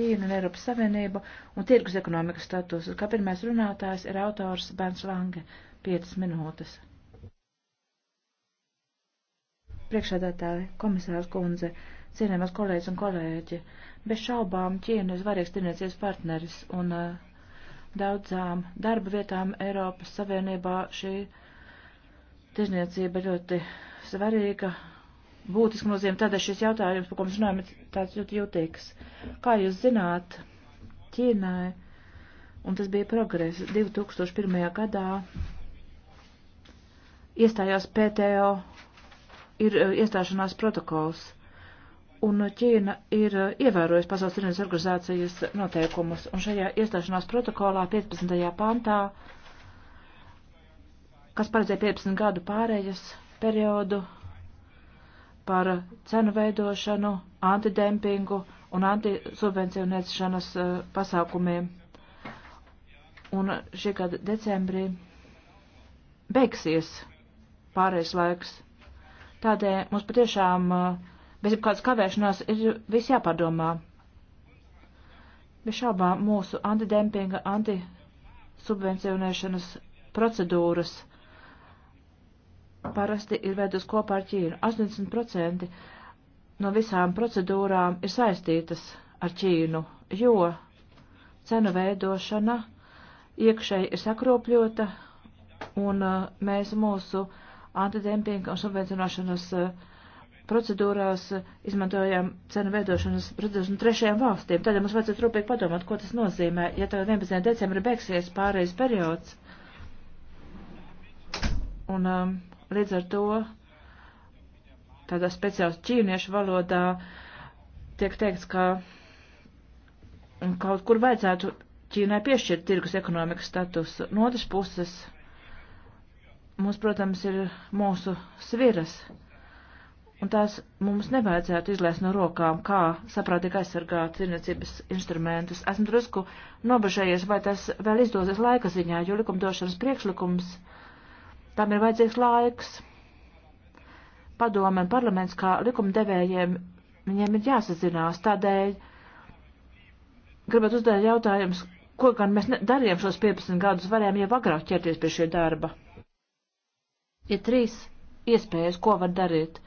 Ķīna un Eiropas Savienība un tirgus ekonomikas status, kā pirmais runātājs ir autors Bērns Lange, 5 minūtes. Priekšādātāji, komisārs kundze, cienījamās kolēģis un kolēģi, bez šaubām Ķīna ir svarīgs tirniecības partneris un uh, daudzām darba vietām Eiropas Savienībā šī tirniecība ļoti svarīga būtiski nozīme, tādēļ šis jautājums, par ko mēs runājam, ir tāds ļoti jūtīgs. Kā jūs zināt, Ķīnai, un tas bija progress, 2001. gadā iestājās PTO, ir eh, iestāšanās protokols, un Ķīna ir eh, ievērojusi pasaules tirnes organizācijas noteikumus, un šajā iestāšanās protokolā 15. pantā, kas paredzēja 15 gadu pārējas periodu, par cenu veidošanu, antidempingu un antisubvencionēšanas eh, pasākumiem. Un šī gada decembrī beigsies pārējais laiks. Tādēļ mums patiešām eh, bez jebkādas kavēšanās ir viss jāpadomā. Bez šābām mūsu antidempinga, antisubvencionēšanas procedūras parasti ir veidus kopā ar Ķīnu. 80% no visām procedūrām ir saistītas ar Ķīnu, jo cenu veidošana iekšēji ir sakropļota un uh, mēs mūsu antidempinga un subvencionēšanas uh, procedūrās uh, izmantojam cenu veidošanas procedūras no trešajām valstīm. Tādēļ mums vajadzētu rūpīgi padomāt, ko tas nozīmē, ja tagad 11. decembra beigsies pārējais periods. Un, um, Līdz ar to tādā speciāls ķīniešu valodā tiek teikts, ka kaut kur vajadzētu Ķīnai piešķirt tirgus ekonomikas statusu. No otras puses, mums, protams, ir mūsu sviras, un tās mums nevajadzētu izlaist no rokām, kā saprātīgi aizsargāt tirniecības instrumentus. Esmu drusku nobežējies, vai tas vēl izdosies laika ziņā, jo likumdošanas priekšlikums Tam ir vajadzīgs laiks. Padome un parlaments kā likumdevējiem viņiem ir jāsazinās. Tādēļ gribētu uzdēt jautājumus, ko gan mēs darījām šos 15 gadus, varējām jau agrāk ķerties pie šī darba. Ir trīs iespējas, ko var darīt.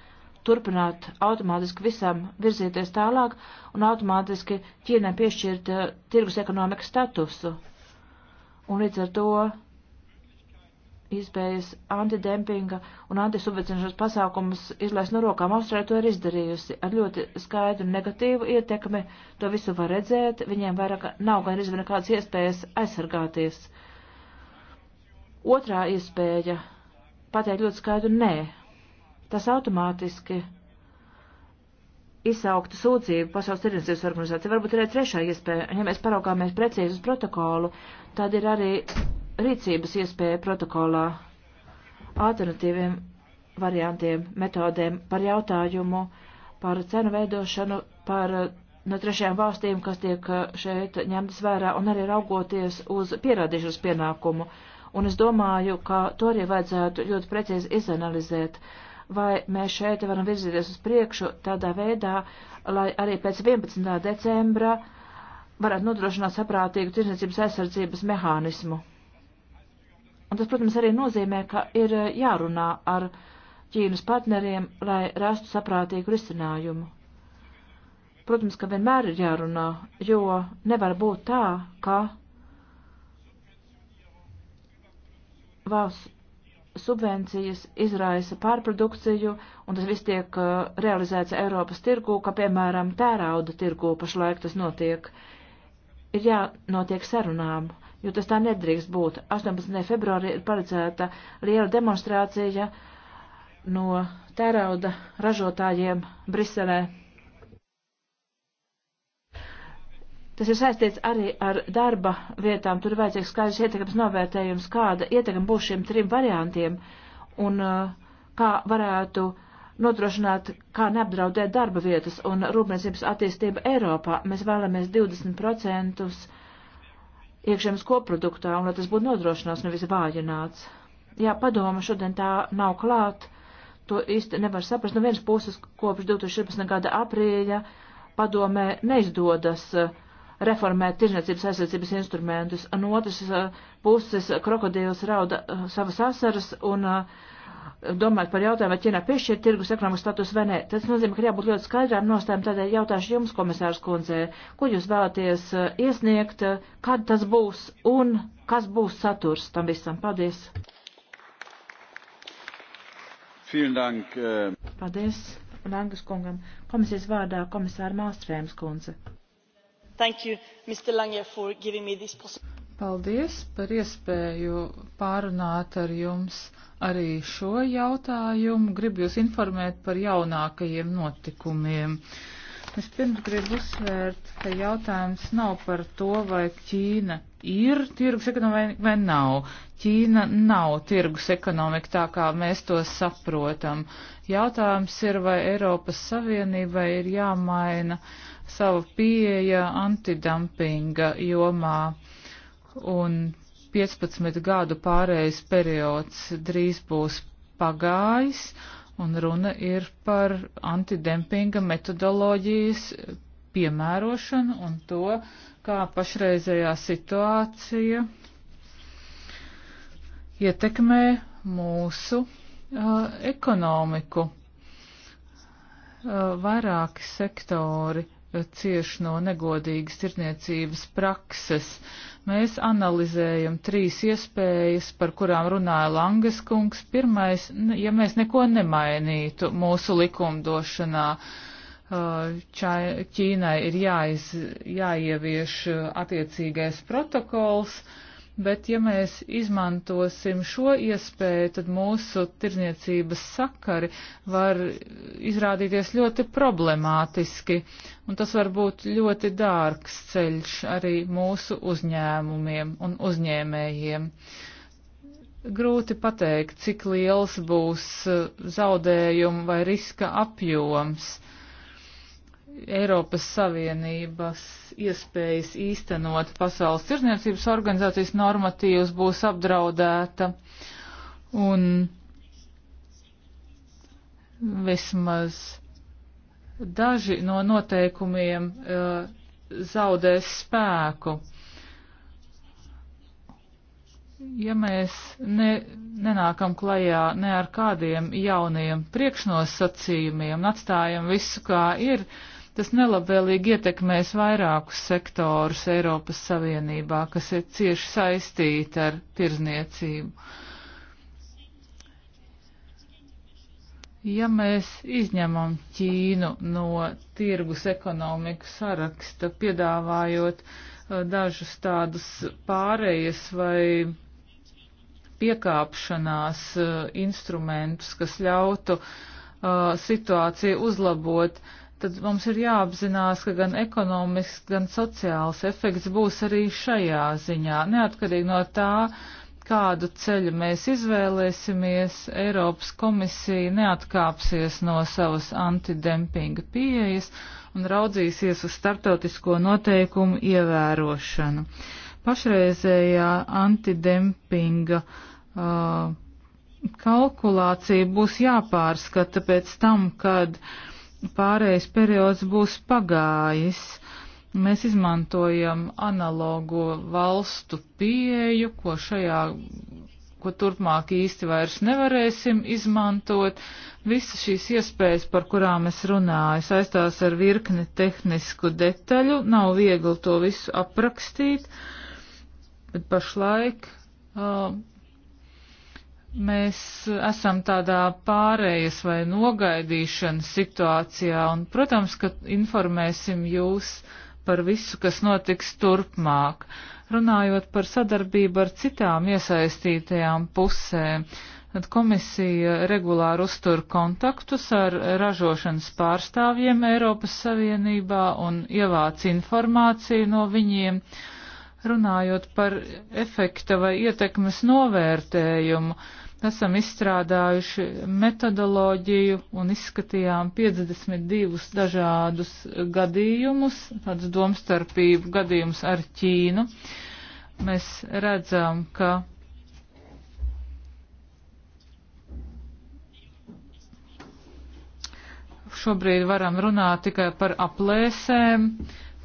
Turpināt automātiski visam virzīties tālāk un automātiski Ķīnai piešķirt uh, tirgus ekonomikas statusu. Un līdz ar to iespējas antidempinga un antisubvencināšanas pasākumus izlaist no rokām. Austrālija to ir izdarījusi ar ļoti skaidru negatīvu ietekmi. To visu var redzēt. Viņiem vairāk nav gan izvēle nekādas iespējas aizsargāties. Otrā iespēja - pateikt ļoti skaidru nē. Tas automātiski izsauktu sūdzību Pasaules tirdzniecības organizācija. Varbūt ir arī trešā iespēja, ja mēs paraugāmies precīzi uz protokolu, tad ir arī rīcības iespēja protokolā alternatīviem variantiem, metodēm par jautājumu, par cenu veidošanu, par eh, no trešajām valstīm, kas tiek eh, šeit ņemtas vērā, un arī raugoties uz pierādīšanas pienākumu. Un es domāju, ka to arī vajadzētu ļoti precīzi izanalizēt, vai mēs šeit varam virzīties uz priekšu tādā veidā, lai arī pēc 11. decembra varētu nodrošināt saprātīgu tirsniecības aizsardzības mehānismu. Un tas, protams, arī nozīmē, ka ir eh, jārunā ar Ķīnas partneriem, lai rastu saprātīgu risinājumu. Protams, ka vienmēr ir jārunā, jo nevar būt tā, ka valsts subvencijas izraisa pārprodukciju, un tas viss tiek eh, realizēts Eiropas tirgū, ka, piemēram, tērauda tirgū pašlaik tas notiek. Ir jānotiek sarunām jo tas tā nedrīkst būt. 18. februārī ir paredzēta liela demonstrācija no tērauda ražotājiem Briselē. Tas ir saistīts arī ar darba vietām. Tur ir vajadzīgs skaidrs ietekmes novērtējums, kāda ietekme būs šiem trim variantiem un uh, kā varētu nodrošināt, kā neapdraudēt darba vietas un rūpniecības attīstību Eiropā. Mēs vēlamies 20% iekšzemes koproduktā un lai tas būtu nodrošināts, nevis vājināts. Jā, padoma šodien tā nav klāt, to īsti nevar saprast. No vienas puses kopš 2014. gada aprīļa padomē neizdodas uh, reformēt tirzniecības aizsardzības instrumentus, un otras uh, puses krokodils rauda uh, savas asaras un uh, domāt par jautājumu, vai Ķīnā piešķirt tirgus ekonomikas status vai nē. Tas nozīmē, ka jābūt ļoti skaidrām nostājām. Tādēļ jautāšu jums, komisārs Kundzē, ko jūs vēlaties eh, iesniegt, eh, kad tas būs un kas būs saturs tam visam. Paldies! Dank, uh... Paldies Langas kungam. Komisijas vārdā komisāra Māstrēms kundze. Thank you, Mr. Lange, for giving me this possibility. Paldies par iespēju pārunāt ar jums arī šo jautājumu. Gribu jūs informēt par jaunākajiem notikumiem. Es pirms gribu uzsvērt, ka jautājums nav par to, vai Ķīna ir tirgus ekonomika vai nav. Ķīna nav tirgus ekonomika tā, kā mēs to saprotam. Jautājums ir, vai Eiropas Savienībai ir jāmaina savu pieeja antidumpinga jomā. Un 15 gadu pārējais periods drīz būs pagājis, un runa ir par antidempinga metodoloģijas piemērošanu un to, kā pašreizējā situācija ietekmē mūsu uh, ekonomiku. Uh, vairāki sektori uh, cieš no negodīgas tirniecības prakses. Uh, Mēs analizējam trīs iespējas, par kurām runāja Langas kungs. Pirmais, ja mēs neko nemainītu mūsu likumdošanā, uh, Čai, Ķīnai ir jāiz, jāievieš uh, attiecīgais protokols bet ja mēs izmantosim šo iespēju, tad mūsu tirzniecības sakari var izrādīties ļoti problemātiski, un tas var būt ļoti dārgs ceļš arī mūsu uzņēmumiem un uzņēmējiem. Grūti pateikt, cik liels būs zaudējumu vai riska apjoms Eiropas Savienības iespējas īstenot pasaules tirzniecības organizācijas normatīvus būs apdraudēta. Un vismaz daži no noteikumiem uh, zaudēs spēku. Ja mēs ne, nenākam klajā ne ar kādiem jauniem priekšnosacījumiem un atstājam visu kā ir, uh, Tas nelabvēlīgi ietekmēs vairākus sektorus Eiropas Savienībā, kas ir cieši saistīti ar tirzniecību. Ja mēs izņemam Ķīnu no tirgus ekonomikas saraksta, piedāvājot uh, dažus tādus pārējas vai piekāpšanās uh, instrumentus, kas ļautu uh, situāciju uzlabot, tad mums ir jāapzinās, ka gan ekonomisks, gan sociāls efekts būs arī šajā ziņā. Neatkarīgi no tā, kādu ceļu mēs izvēlēsimies, Eiropas komisija neatkāpsies no savas antidempinga pieejas un raudzīsies uz startautisko noteikumu ievērošanu. Pašreizējā antidempinga uh, kalkulācija būs jāpārskata pēc tam, kad uh, pārējais periods būs pagājis. Mēs izmantojam analogo valstu pieeju, ko šajā, ko turpmāk īsti vairs nevarēsim izmantot. Visas šīs iespējas, par kurām es runāju, saistās ar virkni tehnisku detaļu. Nav viegli to visu aprakstīt, bet pašlaik. Uh, Mēs esam tādā pārējas vai nogaidīšanas situācijā, un, protams, ka informēsim jūs par visu, kas notiks turpmāk. Runājot par sadarbību ar citām iesaistītajām pusēm, tad komisija regulāri uztur kontaktus ar ražošanas pārstāvjiem Eiropas Savienībā un ievāc informāciju no viņiem runājot par efekta vai ietekmes novērtējumu, esam izstrādājuši metodoloģiju un izskatījām 52 dažādus gadījumus, tādus domstarpību gadījumus ar Ķīnu. Mēs redzam, ka šobrīd varam runāt tikai par aplēsēm,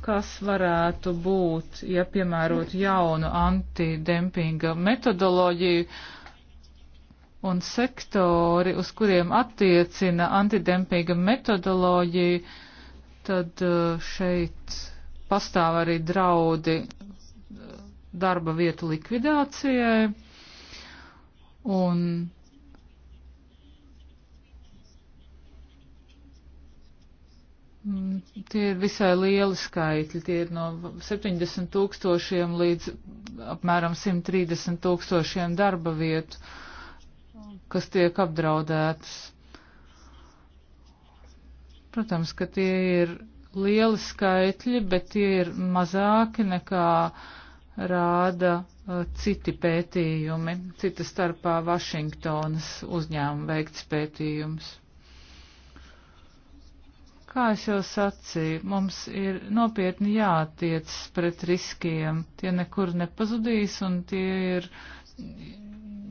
kas varētu būt, ja piemērot jaunu antidempinga metodoloģiju un sektori, uz kuriem attiecina antidempinga metodoloģija, tad uh, šeit pastāv arī draudi uh, darba vietu likvidācijai. Un Tie ir visai lieli skaitļi. Tie ir no 70 tūkstošiem līdz apmēram 130 tūkstošiem darba vietu. Uh, kas tiek apdraudētas. Protams, ka tie ir lieli skaitļi, bet tie ir mazāki nekā rāda uh, citi pētījumi, cita starpā Vašingtonas uzņēmuma veikts pētījums. Kā es jau sacīju, mums ir nopietni jātiec pret riskiem. Tie nekur nepazudīs un tie ir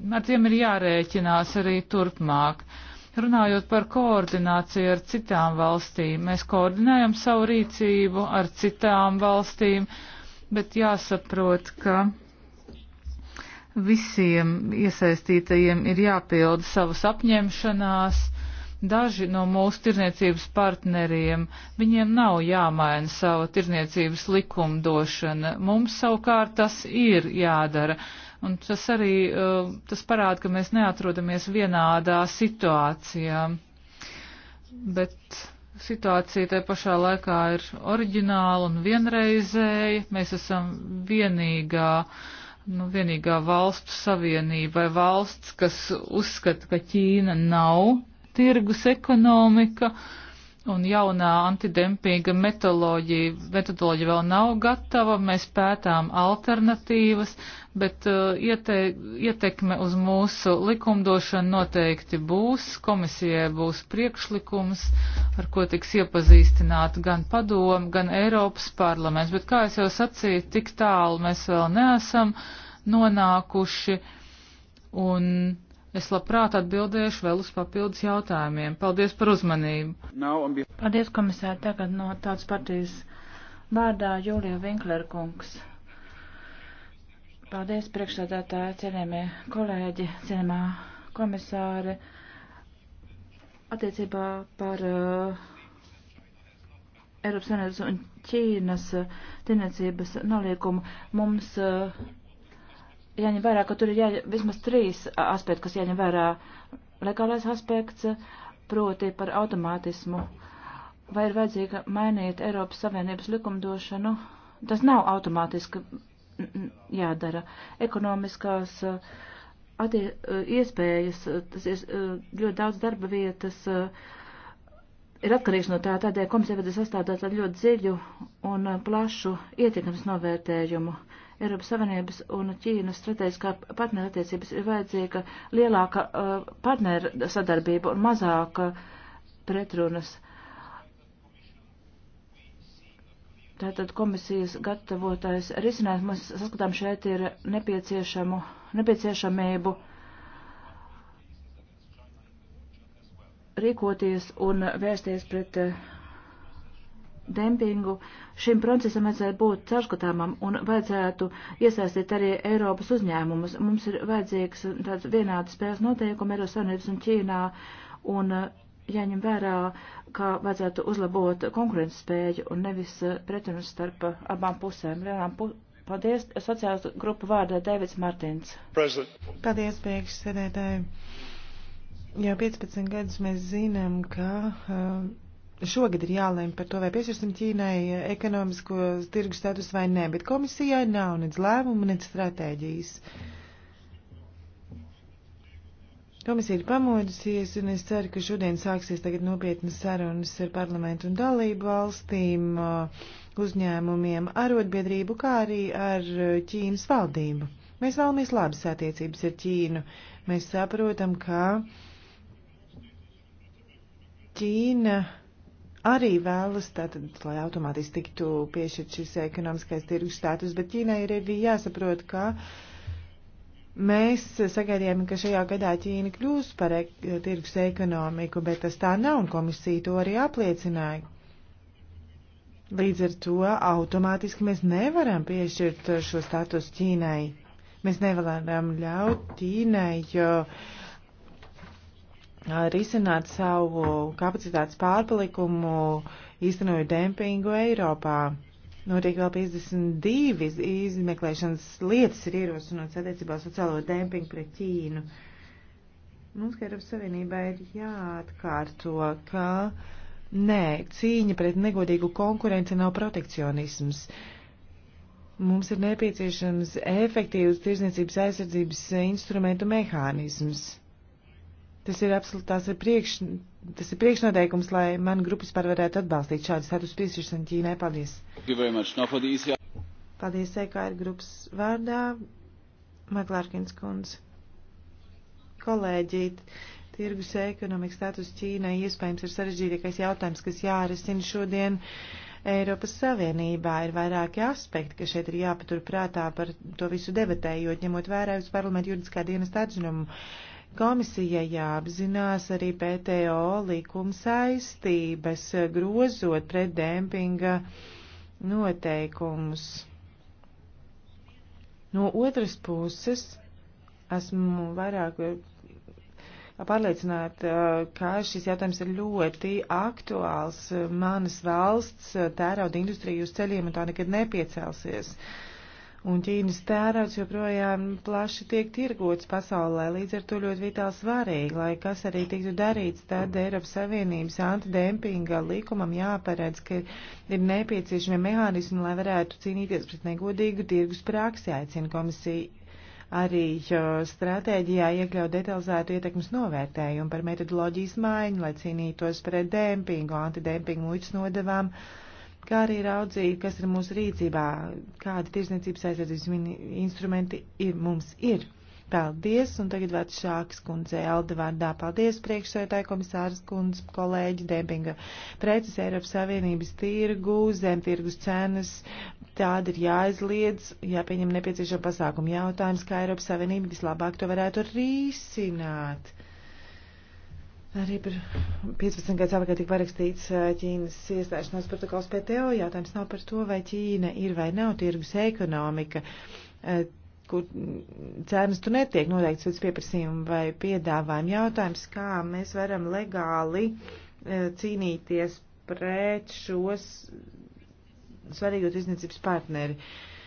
ar tiem ir jārēķinās arī turpmāk. Runājot par koordināciju ar citām valstīm, mēs koordinējam savu rīcību ar citām valstīm, bet jāsaprot, ka visiem iesaistītajiem ir jāpilda savas apņemšanās. Daži no mūsu tirniecības partneriem, viņiem nav jāmaina sava tirniecības likumdošana, mums savukārt tas ir jādara Un tas arī uh, tas parāda, ka mēs neatrodamies vienādā situācijā. Bet situācija tajā pašā laikā ir oriģināla un vienreizēja. Mēs esam vienīgā, nu, vienīgā valstu savienība vai valsts, kas uzskata, ka Ķīna nav tirgus ekonomika. Uh, un jaunā antidempinga metodoloģija, metodoloģija vēl nav gatava, mēs pētām alternatīvas, bet uh, iete, ietekme uz mūsu likumdošanu noteikti būs. Komisijai būs priekšlikums, ar ko tiks iepazīstināta gan padomu, gan Eiropas parlaments. Bet, kā es jau sacīju, tik tālu mēs vēl neesam nonākuši. Un Es labprāt atbildēšu vēl uz papildus jautājumiem. Paldies par uzmanību. Paldies, komisār. Tagad no tāds partijas vārdā Jūlija Vinklerkungs. Paldies, priekšsādātāji, cienījamie kolēģi, cienījamā komisāri. Attiecībā par uh, Eiropas Savienības un Ķīnas uh, tirniecības noliekumu mums. Uh, jāņem vērā, ka tur ir jā, vismaz trīs aspekti, kas jāņem vērā. Legālais aspekts, proti par automātismu. Vai ir vajadzīga mainīt Eiropas Savienības likumdošanu? Tas nav automātiski jādara. Ekonomiskās attie, iespējas, tas ir ļoti daudz darba vietas, ir atkarīgs no tā, tādēļ komisija vajadzēja sastādāt ar ļoti dziļu un plašu ietekmes novērtējumu. Eiropas Savienības un Ķīnas strateģiskā partnerattiecības ir vajadzīga lielāka uh, partneru sadarbība un mazāka pretrunas. Tātad komisijas gatavotais risinājums mums saskatām šeit ir nepieciešamu, nepieciešamību rīkoties un vērsties pret uh, dempingu, šim procesam vajadzētu būt caurskatāmam un vajadzētu iesaistīt arī Eiropas uzņēmumus. Mums ir vajadzīgs tāds vienāds spēles noteikumi Eiropas Savienības un Ķīnā un eh, jāņem vērā, kā vajadzētu uzlabot konkurences spēju un nevis eh, pretunus starp eh, abām pusēm. Vienām pu Paldies, sociālas grupu vārdā Dēvids Martins. President. Paldies, priekšsēdētāji. Jau 15 gadus mēs zinām, ka uh, šogad ir jālēm par to, vai piešķirsim Ķīnai ekonomisko tirgu status vai nē, bet komisijai nav nec lēmumu, nec stratēģijas. Komisija ir pamodusies, un es ceru, ka šodien sāksies tagad nopietnas sarunas ar parlamentu un dalību valstīm, uh, uzņēmumiem, arotbiedrību, kā arī ar uh, Ķīnas valdību. Mēs vēlamies labas attiecības ar Ķīnu. Mēs saprotam, ka Ķīna arī vēlas, tātad, lai automātiski tiktu piešķirt šis ekonomiskais tirgus status, bet Ķīnai ir arī jāsaprot, ka mēs sagaidījām, ka šajā gadā Ķīna kļūs par ek tirgus ekonomiku, bet tas tā nav, un komisija to arī apliecināja. Līdz ar to automātiski mēs nevaram piešķirt šo status Ķīnai. Mēs nevaram ļaut Ķīnai. Jo, uh, risināt savu kapacitātes pārpalikumu, īstenojot dempingu Eiropā. Notiek vēl 52 izmeklēšanas lietas ir ierosinots attiecībā sociālo dempingu pret Ķīnu. Mums, kā Eiropas Savienībā, ir jāatkārto, ka nē, cīņa pret negodīgu konkurenci nav protekcionisms. Mums ir nepieciešams efektīvs tirzniecības aizsardzības instrumentu mehānisms Tas ir absolūti priekš, tas ir priekšnoteikums, lai man grupas par varētu atbalstīt šādu status piešķiršanu Ķīnai. Paldies! E Paldies, EKR grupas vārdā, Maklārkins kundze. Kolēģi, tirgus ekonomikas status Ķīnai iespējams ir sarežģītākais jautājums, kas jārisina šodien. Eiropas Savienībā ir vairāki aspekti, kas šeit ir jāpatur prātā par to visu debatējot, ņemot vērā uz parlamentu juridiskā dienas atzinumu. Uh, Komisijai jāapzinās arī PTO likuma saistības, grozot pret dempinga noteikumus. No otras puses, esmu vairāk pārliecināta, ka šis jautājums ir ļoti aktuāls. Manas valsts tērauda industrija uz ceļiem un tā nekad nepiecelsies. Uh, un Ķīnas tērauds joprojām plaši tiek tirgots pasaulē, līdz ar to ļoti vitāli svarīgi, lai kas arī tiktu darīts, tad Eiropas Savienības antidempinga likumam jāparedz, ka ir nepieciešami mehānismi, lai varētu cīnīties pret negodīgu tirgus praksi, aicina komisija arī stratēģijā iekļaut detalizētu ietekmes novērtējumu par metodoloģijas maiņu, lai cīnītos pret dempingu, antidempingu muitas nodevām. Uh, kā arī raudzīt, kas ir mūsu rīcībā, kādi tirsniecības aizsardzības instrumenti ir, mums ir. Paldies, un tagad vārds Šāks kundzei Alde vārdā. Paldies, priekšsētāji komisārs kundz, kolēģi, dempinga preces Eiropas Savienības tirgu, zem tirgus cenas, tāda ir jāizliedz, jāpieņem nepieciešama pasākuma jautājums, kā Eiropas Savienība vislabāk to varētu risināt Arī par 15 gadus atpakaļ tika parakstīts Ķīnas iestāšanās protokols PTO. Jautājums nav par to, vai Ķīna ir vai nav tirgus ekonomika, kur cenas tur netiek noteikts pēc pieprasījuma vai piedāvājuma. Jautājums, kā mēs varam legāli cīnīties pret šos svarīgot izniecības partneri. Uh,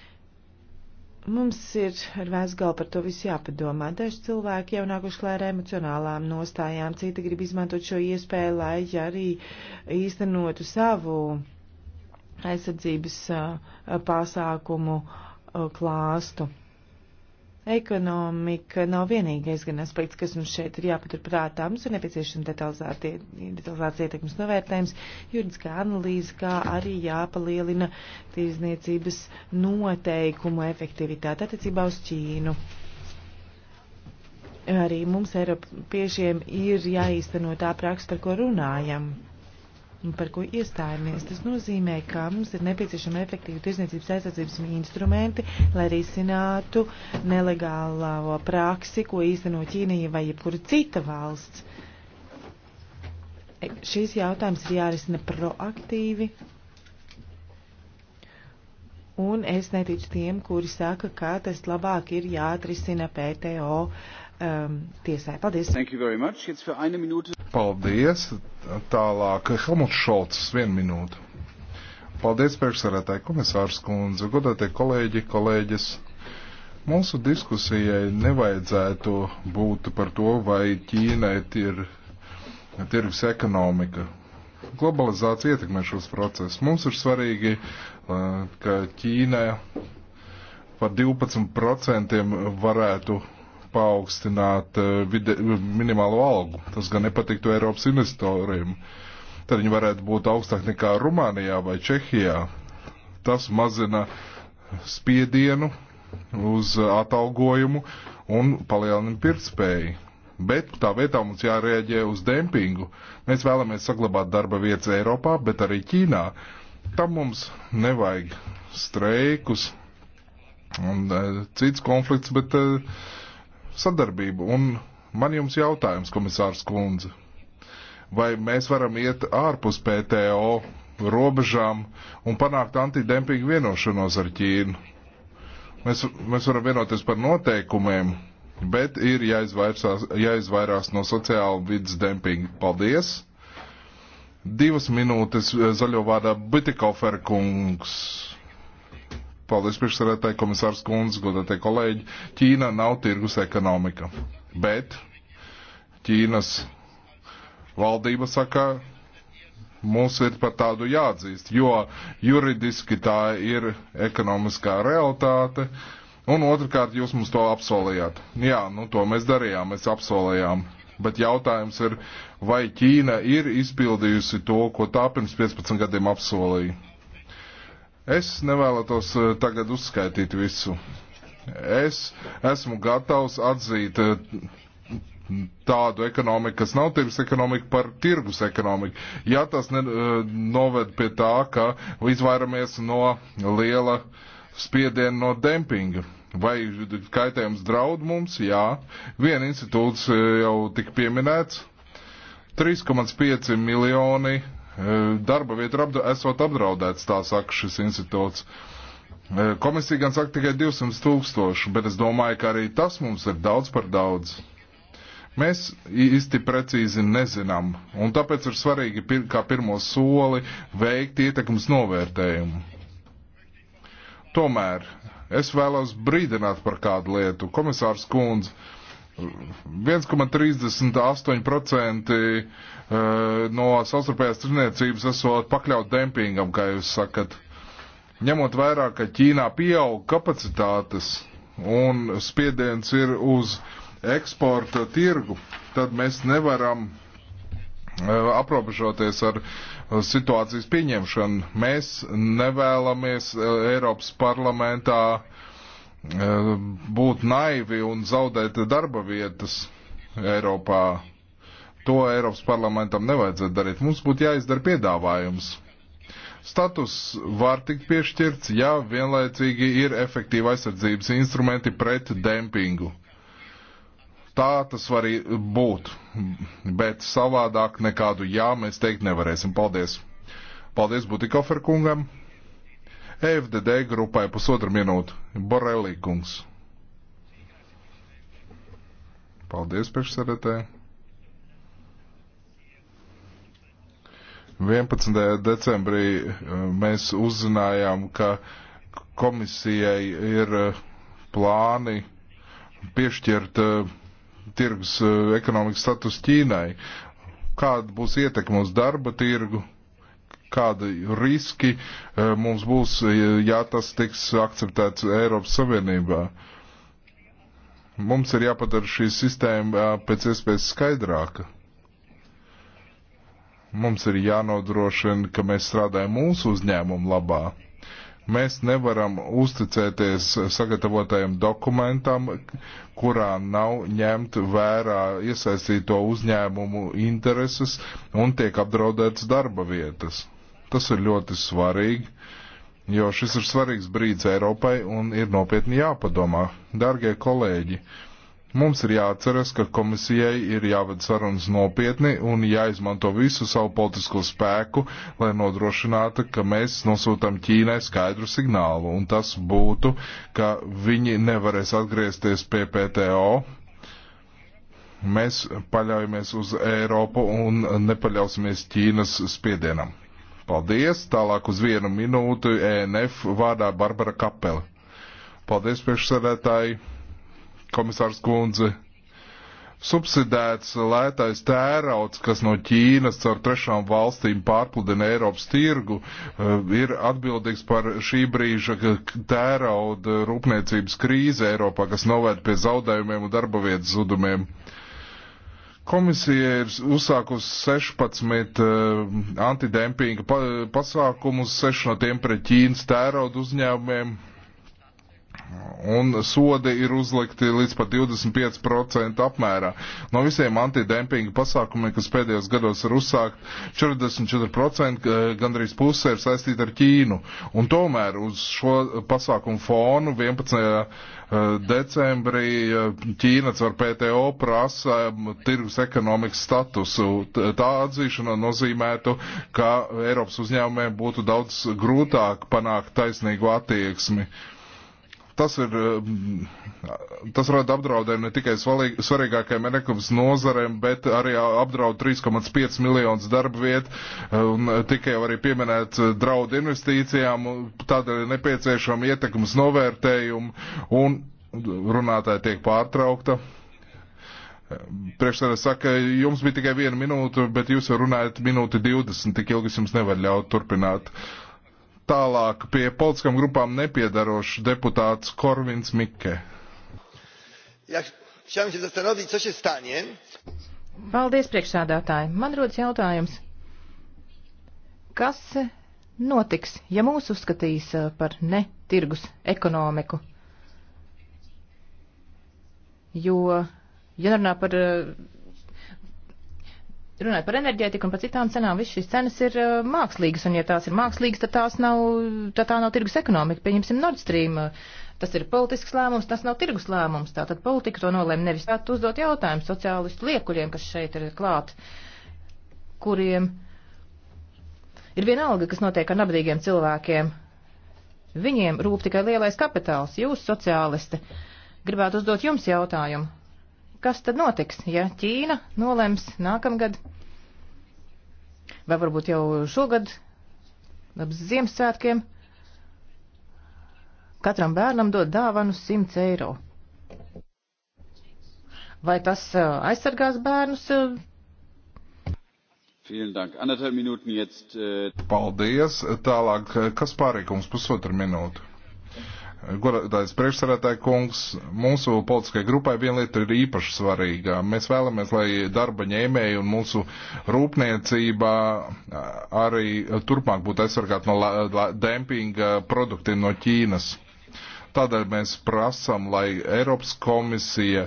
Mums ir ar vēstgali par to visu jāpadomā. Daži cilvēki jau nākuši klēra emocionālām nostājām, citi grib izmantot šo iespēju, lai arī īstenotu savu aizsardzības pasākumu klāstu. Ekonomika nav vienīgais gan aspekts, kas mums šeit ir jāpaturprātā. Mums ir nepieciešama detalizēts ietekmes novērtējums, juridiskā analīze, kā arī jāpalielina tīrzniecības noteikumu efektivitāte attiecībā uz Ķīnu. Arī mums, Eiropiešiem, ir jāīsteno tā praksa, par ko runājam par ko iestājamies. Tas nozīmē, ka mums ir nepieciešama efektīva tirzniecības aizsardzības instrumenti, lai risinātu nelegālo praksi, ko īsteno Ķīnija vai jebkura cita valsts. E, šīs jautājums ir jārisina proaktīvi, Un es neticu tiem, kuri saka, ka tas labāk ir jāatrisina PTO um, tiesai. Paldies! Paldies! Tālāk Helmuts Šolts, viena minūte. Paldies priekšsarētāji komisārs kundze, godātie kolēģi, kolēģis. Mūsu diskusijai nevajadzētu būt par to, vai Ķīna ir tirgus ekonomika. Globalizācija ietekmē šos procesus. Mums ir svarīgi, uh, ka Ķīna par 12% varētu paaugstināt eh, vide, minimālo algu. Tas gan nepatiktu Eiropas investoriem. Tad viņi varētu būt augstāk nekā Rumānijā vai Čehijā. Tas mazina spiedienu uz atalgojumu un palielina pirktspēju. Bet tā vietā mums jārēģē uz dempingu. Mēs vēlamies saglabāt darba vietas Eiropā, bet arī Ķīnā. Tam mums nevajag streikus un uh, cits konflikts, bet uh, sadarbību. Un man jums jautājums, komisārs Kundze, vai mēs varam iet ārpus PTO robežām un panākt antidempingu vienošanos ar Ķīnu? Mēs, mēs varam vienoties par noteikumiem, bet ir jāizvairās, jāizvairās no sociāla vidas dempinga. Paldies! Divas minūtes eh, zaļo vārdā Bitikofer kungs. Paldies, priekšsarētāji, komisārs Kunz, godātie kolēģi. Ķīna nav tirgus ekonomika, bet Ķīnas valdība saka, mums ir par tādu jāatzīst, jo juridiski tā ir ekonomiskā realitāte. Un otrkārt, jūs mums to apsolījāt. Jā, nu to mēs darījām, mēs apsolījām. Bet jautājums ir, vai Ķīna ir izpildījusi to, ko tā pirms 15 gadiem apsolīja? Es nevēlētos eh, tagad uzskaitīt visu. Es esmu gatavs atzīt eh, tādu ekonomiku, kas nav tirgus ekonomika, par tirgus ekonomiku. Ja tas ne, eh, noved pie tā, ka izvairamies no liela spiediena no dempinga. Vai kaitējums draud mums? Jā. Viena institūts jau tik pieminēts. 3,5 miljoni darba vietu apda, esot apdraudēts, tā saka šis institūts. Komisija gan saka tikai 200 tūkstoši, bet es domāju, ka arī tas mums ir daudz par daudz. Mēs īsti precīzi nezinām, un tāpēc ir svarīgi pir, kā pirmo soli veikt ietekmes novērtējumu. Tomēr es vēlos brīdināt par kādu lietu. Komisārs Kunds, uh, 1,38% eh, no savstarpējās tirniecības esot pakļaut dempingam, kā jūs sakat. Ņemot vērā, ka Ķīnā pieaug kapacitātes un spiediens ir uz eksporta tirgu, tad mēs nevaram eh, aprobežoties ar eh, situācijas pieņemšanu. Mēs nevēlamies Eiropas parlamentā Eh, būt naivi un zaudēt darba vietas Eiropā. To Eiropas parlamentam nevajadzētu darīt. Mums būtu jāizdara piedāvājums. Status var tikt piešķirts, ja vienlaicīgi ir efektīva aizsardzības instrumenti pret dempingu. Tā tas var būt, bet savādāk nekādu jā mēs teikt nevarēsim. Paldies! Paldies Butikofer kungam! FDD grupai pusotru minūtu. Borelī kungs. Paldies, priekšsēdētāji. 11. decembrī eh, mēs uzzinājām, ka komisijai ir eh, plāni piešķirt eh, tirgus ekonomikas status Ķīnai. Kāda būs ietekme uz darba tirgu kādi riski eh, mums būs, eh, ja tas tiks akceptēts Eiropas Savienībā. Mums ir jāpadara šī sistēma eh, pēc iespējas skaidrāka. Mums ir jānodrošina, ka mēs strādājam mūsu uzņēmumu labā. Mēs nevaram uzticēties sagatavotajam dokumentam, kurā nav ņemt vērā iesaistīto uzņēmumu intereses un tiek apdraudētas darba vietas. Tas ir ļoti svarīgi, jo šis ir svarīgs brīdis Eiropai un ir nopietni jāpadomā. Dargie kolēģi, mums ir jāatceras, ka komisijai ir jāved sarunas nopietni un jāizmanto visu savu politisko spēku, lai nodrošinātu, ka mēs nosūtam Ķīnai skaidru signālu, un tas būtu, ka viņi nevarēs atgriezties pie PTO mēs paļaujamies uz Eiropu un nepaļausimies Ķīnas spiedienam. Paldies. Tālāk uz vienu minūtu ENF vārdā Barbara Kapela. Paldies, priekšsēdētāji, komisārs kundze. Subsidēts lētais tērauds, kas no Ķīnas caur trešām valstīm pārpludina Eiropas tirgu, eh, ir atbildīgs par šī brīža tērauda rūpniecības krīze Eiropā, kas noved pie zaudējumiem un darba vietas zudumiem. Uh, Komisija ir uzsākusi 16 uh, eh, antidempinga pasākumus, 6 no tiem pret Ķīnas tērauda uzņēmumiem, Un sodi ir uzlikti līdz pat 25% apmērā. No visiem antidempinga pasākumiem, kas pēdējos gados ir uzsākt, 44% eh, gandrīz puse ir saistīta ar Ķīnu. Un tomēr uz šo pasākumu fonu 11. Eh, decembrī eh, Ķīna caur PTO prasa mm, tirgus ekonomikas statusu. Tā atzīšana nozīmētu, ka Eiropas uzņēmumiem būtu daudz grūtāk panākt taisnīgu attieksmi. Tas, ir, eh, tas rada apdraudējumu ne tikai svarīgākajām enerģijas nozarēm, bet arī apdraud 3,5 miljonus darba vietu eh, un tikai arī pieminēt eh, draudu investīcijām. Tādēļ ir nepieciešama ietekmes novērtējuma un runātāja tiek pārtraukta. Priekšsēdē saka, jums bija tikai viena minūte, bet jūs jau runājat minūti 20, tik ilgi jums nevar ļaut turpināt. Uh, Tālāk pie politiskām grupām nepiedarošs deputāts Korvins Mikke. Ja, chciałem się zastanowić, co się stanie. Paldies, priekšsādātāji. Man rodas jautājums, kas notiks, ja mūs uzskatīs eh, par ne tirgus ekonomiku? Jo, ja runā par eh, runājot par enerģētiku un par citām cenām, visas šīs cenas ir uh, mākslīgas, un ja tās ir mākslīgas, tad tās nav, tad tā nav tirgus ekonomika. Pieņemsim Nord Stream, uh, tas ir politisks lēmums, tas nav tirgus lēmums, tātad politika to nolēma nevis tātad uzdot jautājumu sociālistu liekuļiem, kas šeit ir klāt, kuriem ir vienalga, kas notiek ar nabadīgiem cilvēkiem. Viņiem rūp tikai lielais kapitāls, jūs sociālisti. Gribētu uzdot jums jautājumu kas tad notiks, ja Ķīna nolems nākamgad vai varbūt jau šogad labs Ziemassvētkiem katram bērnam dod dāvanu 100 eiro. Vai tas uh, aizsargās bērnus? Uh? Äh, Paldies. Tālāk, kas pārīkums pusotru minūtu? Godātais priekšsarētāji kungs, mūsu politiskajai grupai viena lieta ir īpaši svarīga. Mēs vēlamies, lai darba ņēmēji un mūsu rūpniecība arī turpmāk būtu aizsargāti no dempinga produktiem no Ķīnas. Tādēļ mēs prasam, lai Eiropas komisija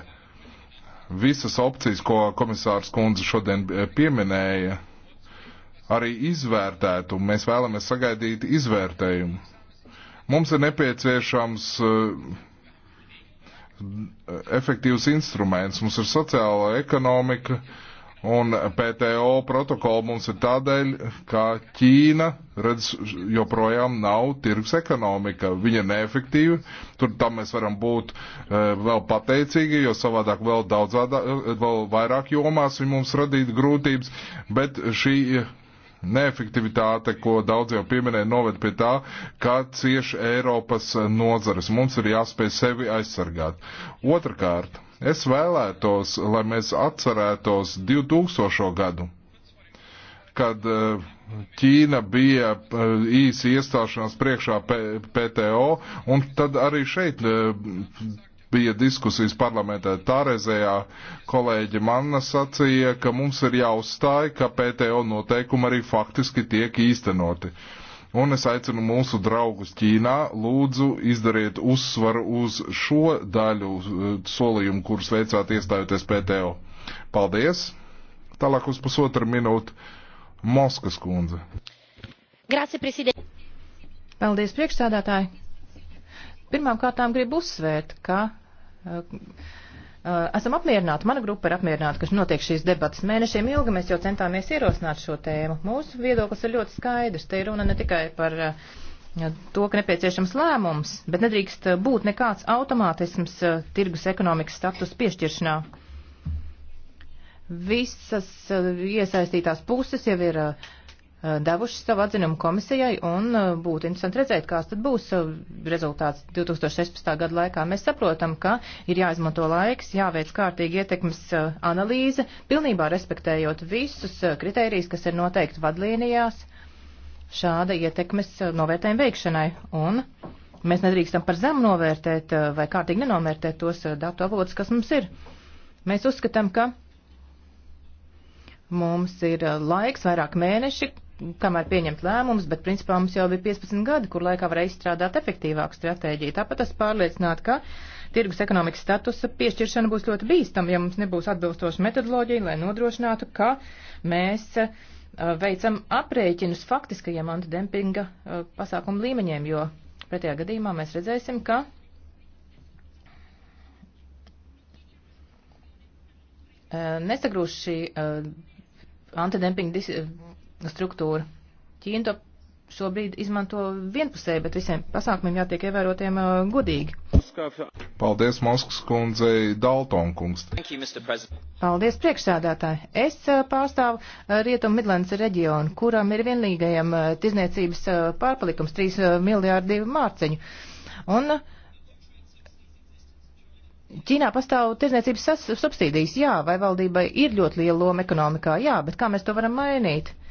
visas opcijas, ko komisārs kundze šodien e, pieminēja, arī izvērtētu. Mēs vēlamies sagaidīt izvērtējumu Mums ir nepieciešams eh, efektīvs instruments, mums ir sociāla ekonomika un PTO protokoli mums ir tādēļ, ka Ķīna redz, joprojām nav tirgus ekonomika, viņa ir neefektīva, tur tam mēs varam būt eh, vēl pateicīgi, jo savādāk vēl daudz, eh, vēl vairāk jomās viņi mums radītu grūtības, bet šī Neefektivitāte, ko daudz jau pieminēja, noved pie tā, ka cieši Eiropas nozares. Mums ir jāspēj sevi aizsargāt. Otrakārt, es vēlētos, lai mēs atcerētos 2000. gadu, kad eh, Ķīna bija eh, īsi iestāšanās priekšā PTO, un tad arī šeit eh, bija diskusijas parlamentā. Tāreizējā kolēģi Manna sacīja, ka mums ir jāuzstāj, ka PTO noteikumi arī faktiski tiek īstenoti. Un es aicinu mūsu draugus Ķīnā, lūdzu, izdariet uzsvaru uz šo daļu eh, solījumu, kurus veicāt iestājoties PTO. Paldies! Tālāk uz pusotru minūtu Moskas kundze. Grāci, prezident. Paldies, priekšsādātāji! Pirmkārt, gribu uzsvērt, ka esam apmierināti, mana grupa ir apmierināta, ka notiek šīs debatas. Mēnešiem ilgi mēs jau centāmies ierosināt šo tēmu. Mūsu viedoklis ir ļoti skaidrs. Te ir runa ne tikai par to, ka nepieciešams lēmums, bet nedrīkst būt nekāds automātisms tirgus ekonomikas status piešķiršanā. Visas iesaistītās puses jau ir uh, Eh, devuši savu atzinumu komisijai un eh, būtu interesanti redzēt, kāds tad būs eh, rezultāts 2016. gada laikā. Mēs saprotam, ka ir jāizmanto laiks, jāveic kārtīgi ietekmes analīze, pilnībā respektējot visus kritērijus, kas ir noteikti vadlīnijās šāda ietekmes novērtējuma veikšanai. Un mēs nedrīkstam par zem novērtēt vai kārtīgi nenovērtēt tos datu avotus, kas mums ir. Mēs uzskatām, ka mums ir laiks, vairāk mēneši, kamēr pieņemt lēmumus, bet principā mums jau bija 15 gadi, kur laikā varēja izstrādāt efektīvāku stratēģiju. Tāpat es pārliecinātu, ka tirgus ekonomikas statusa piešķiršana būs ļoti bīstama, ja mums nebūs atbilstoša metodoloģija, lai nodrošinātu, ka mēs eh, veicam aprēķinus faktiskajiem antidempinga eh, pasākumu līmeņiem, jo pretējā gadījumā mēs redzēsim, ka eh, nesagrūs šī antidempinga struktūra. Ķīna to šobrīd izmanto vienpusēji, bet visiem pasākumiem jātiek ievērotiem uh, godīgi. Paldies, Moskas kundzei, Dalton kungs. Paldies, priekšsēdētāji. Es uh, pārstāvu uh, Rietumu Midlands reģionu, kuram ir vienīgajam uh, tirzniecības uh, pārpalikums 3 uh, miljārdi mārciņu. Un, uh, Ķīnā pastāv tirzniecības subsīdijas, jā, vai valdībai ir ļoti liela loma ekonomikā, jā, bet kā mēs to varam mainīt? Uh,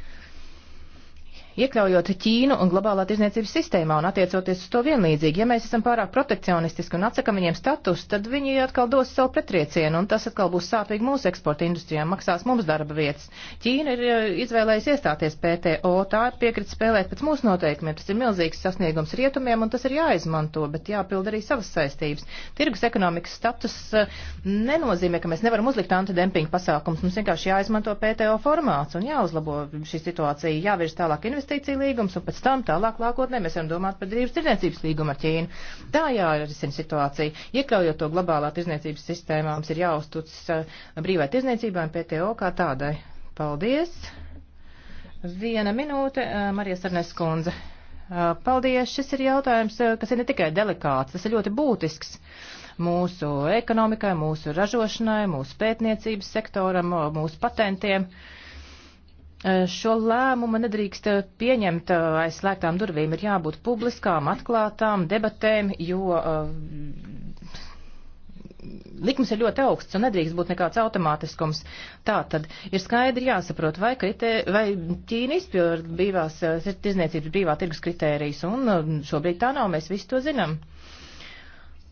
iekļaujot Ķīnu un globālā tirzniecības sistēmā un attiecoties uz to vienlīdzīgi. Ja mēs esam pārāk protekcionistiski un atsakam viņiem status, tad viņi atkal dos savu pretriecienu, un tas atkal būs sāpīgi mūsu eksporta industrijām, maksās mums darba vietas. Ķīna ir eh, izvēlējusi iestāties PTO, tā ir piekrit spēlēt pēc mūsu noteikumiem, tas ir milzīgs sasniegums rietumiem, un tas ir jāizmanto, bet jāpild arī savas saistības. Tirgus ekonomikas status eh, nenozīmē, ka mēs nevaram uzlikt antidempinga pasākums, mums vienkārši jāizmanto PTO formāts un jāuzlabo šī situācija, jāvirs tālāk investīcijas investīcija līgums, un pēc tam tālāk nākotnē mēs varam domāt par brīvas tirdzniecības līgumu ar Ķīnu. Tā jārisina situācija. Iekļaujot to globālā tirdzniecības sistēmā, mums ir jāuztuc uh, brīvai tirdzniecībai un PTO kā tādai. Paldies! Viena minūte, uh, Marijas Arnes kundze. Uh, paldies, šis ir jautājums, kas ir ne tikai delikāts, tas ir ļoti būtisks mūsu ekonomikai, mūsu ražošanai, mūsu pētniecības sektoram, mūsu patentiem. Uh, Eh, šo lēmumu nedrīkst eh, pieņemt eh, aizslēgtām durvīm. Ir jābūt publiskām, atklātām debatēm, jo uh, likums ir ļoti augsts un nedrīkst būt nekāds automātiskums. Tā tad ir skaidri jāsaprot, vai, kritē, vai Ķīna izpilda brīvās tirzniecības brīvā tirgus kritērijas, un šobrīd tā nav, mēs visi to zinām.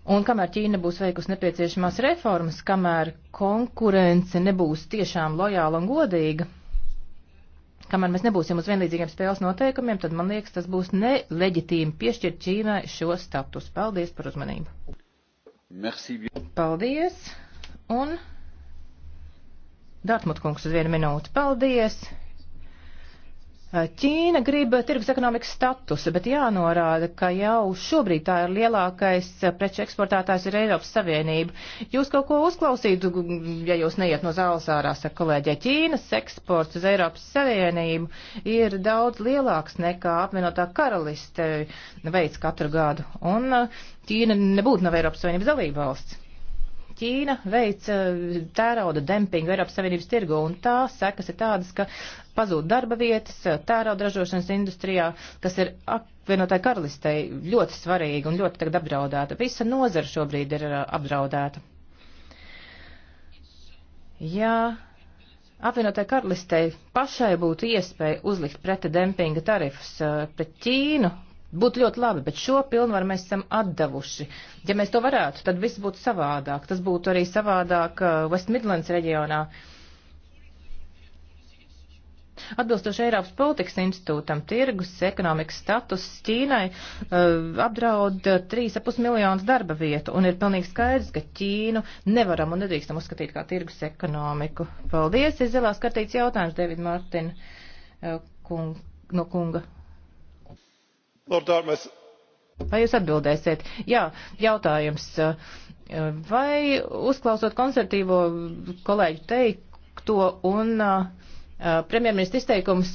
Un kamēr Ķīna būs veikusi nepieciešamās reformas, kamēr konkurence nebūs tiešām lojāla un godīga, Kamēr mēs nebūsim uz vienlīdzīgiem spēles noteikumiem, tad man liekas, tas būs neleģitīmi piešķirt Ķīnai šo status. Paldies par uzmanību. Merci. Paldies. Un Dārtmut kungs uz vienu minūti. Paldies. Ķīna grib tirgus ekonomikas statusu, bet jānorāda, ka jau šobrīd tā ir lielākais preču eksportētājs ir Eiropas Savienība. Jūs kaut ko uzklausītu, ja jūs neiet no zāles ārā, saka kolēģi. Ķīnas eksports uz Eiropas Savienību ir daudz lielāks nekā apvienotā karaliste veids katru gadu. Un uh, Ķīna nebūtu nav Eiropas Savienības dalība valsts. Ķīna veic eh, tērauda dempingu Eiropas Savienības tirgu, un tā sekas ir tādas, ka pazūd darba vietas eh, tērauda ražošanas industrijā, kas ir apvienotāji karalistei ļoti svarīga un ļoti tagad apdraudēta. Visa nozara šobrīd ir eh, apdraudēta. Jā. Apvienotai karalistei pašai būtu iespēja uzlikt preta dempinga tarifus pret Ķīnu, būtu ļoti labi, bet šo pilnvaru mēs esam atdevuši. Ja mēs to varētu, tad viss būtu savādāk. Tas būtu arī savādāk uh, West Midlands reģionā. Atbilstoši Eiropas politikas institūtam, tirgus ekonomikas status Ķīnai uh, apdraud 3,5 uh, miljonus darba vietu, un ir pilnīgi skaidrs, ka Ķīnu nevaram un nedrīkstam uzskatīt kā tirgus ekonomiku. Paldies! Ir zilās kartīts jautājums, David Mārtiņa kung, no kunga. Vai jūs atbildēsiet? Jā, jautājums. Vai uzklausot konservatīvo kolēģu teikto un premjerministra izteikums,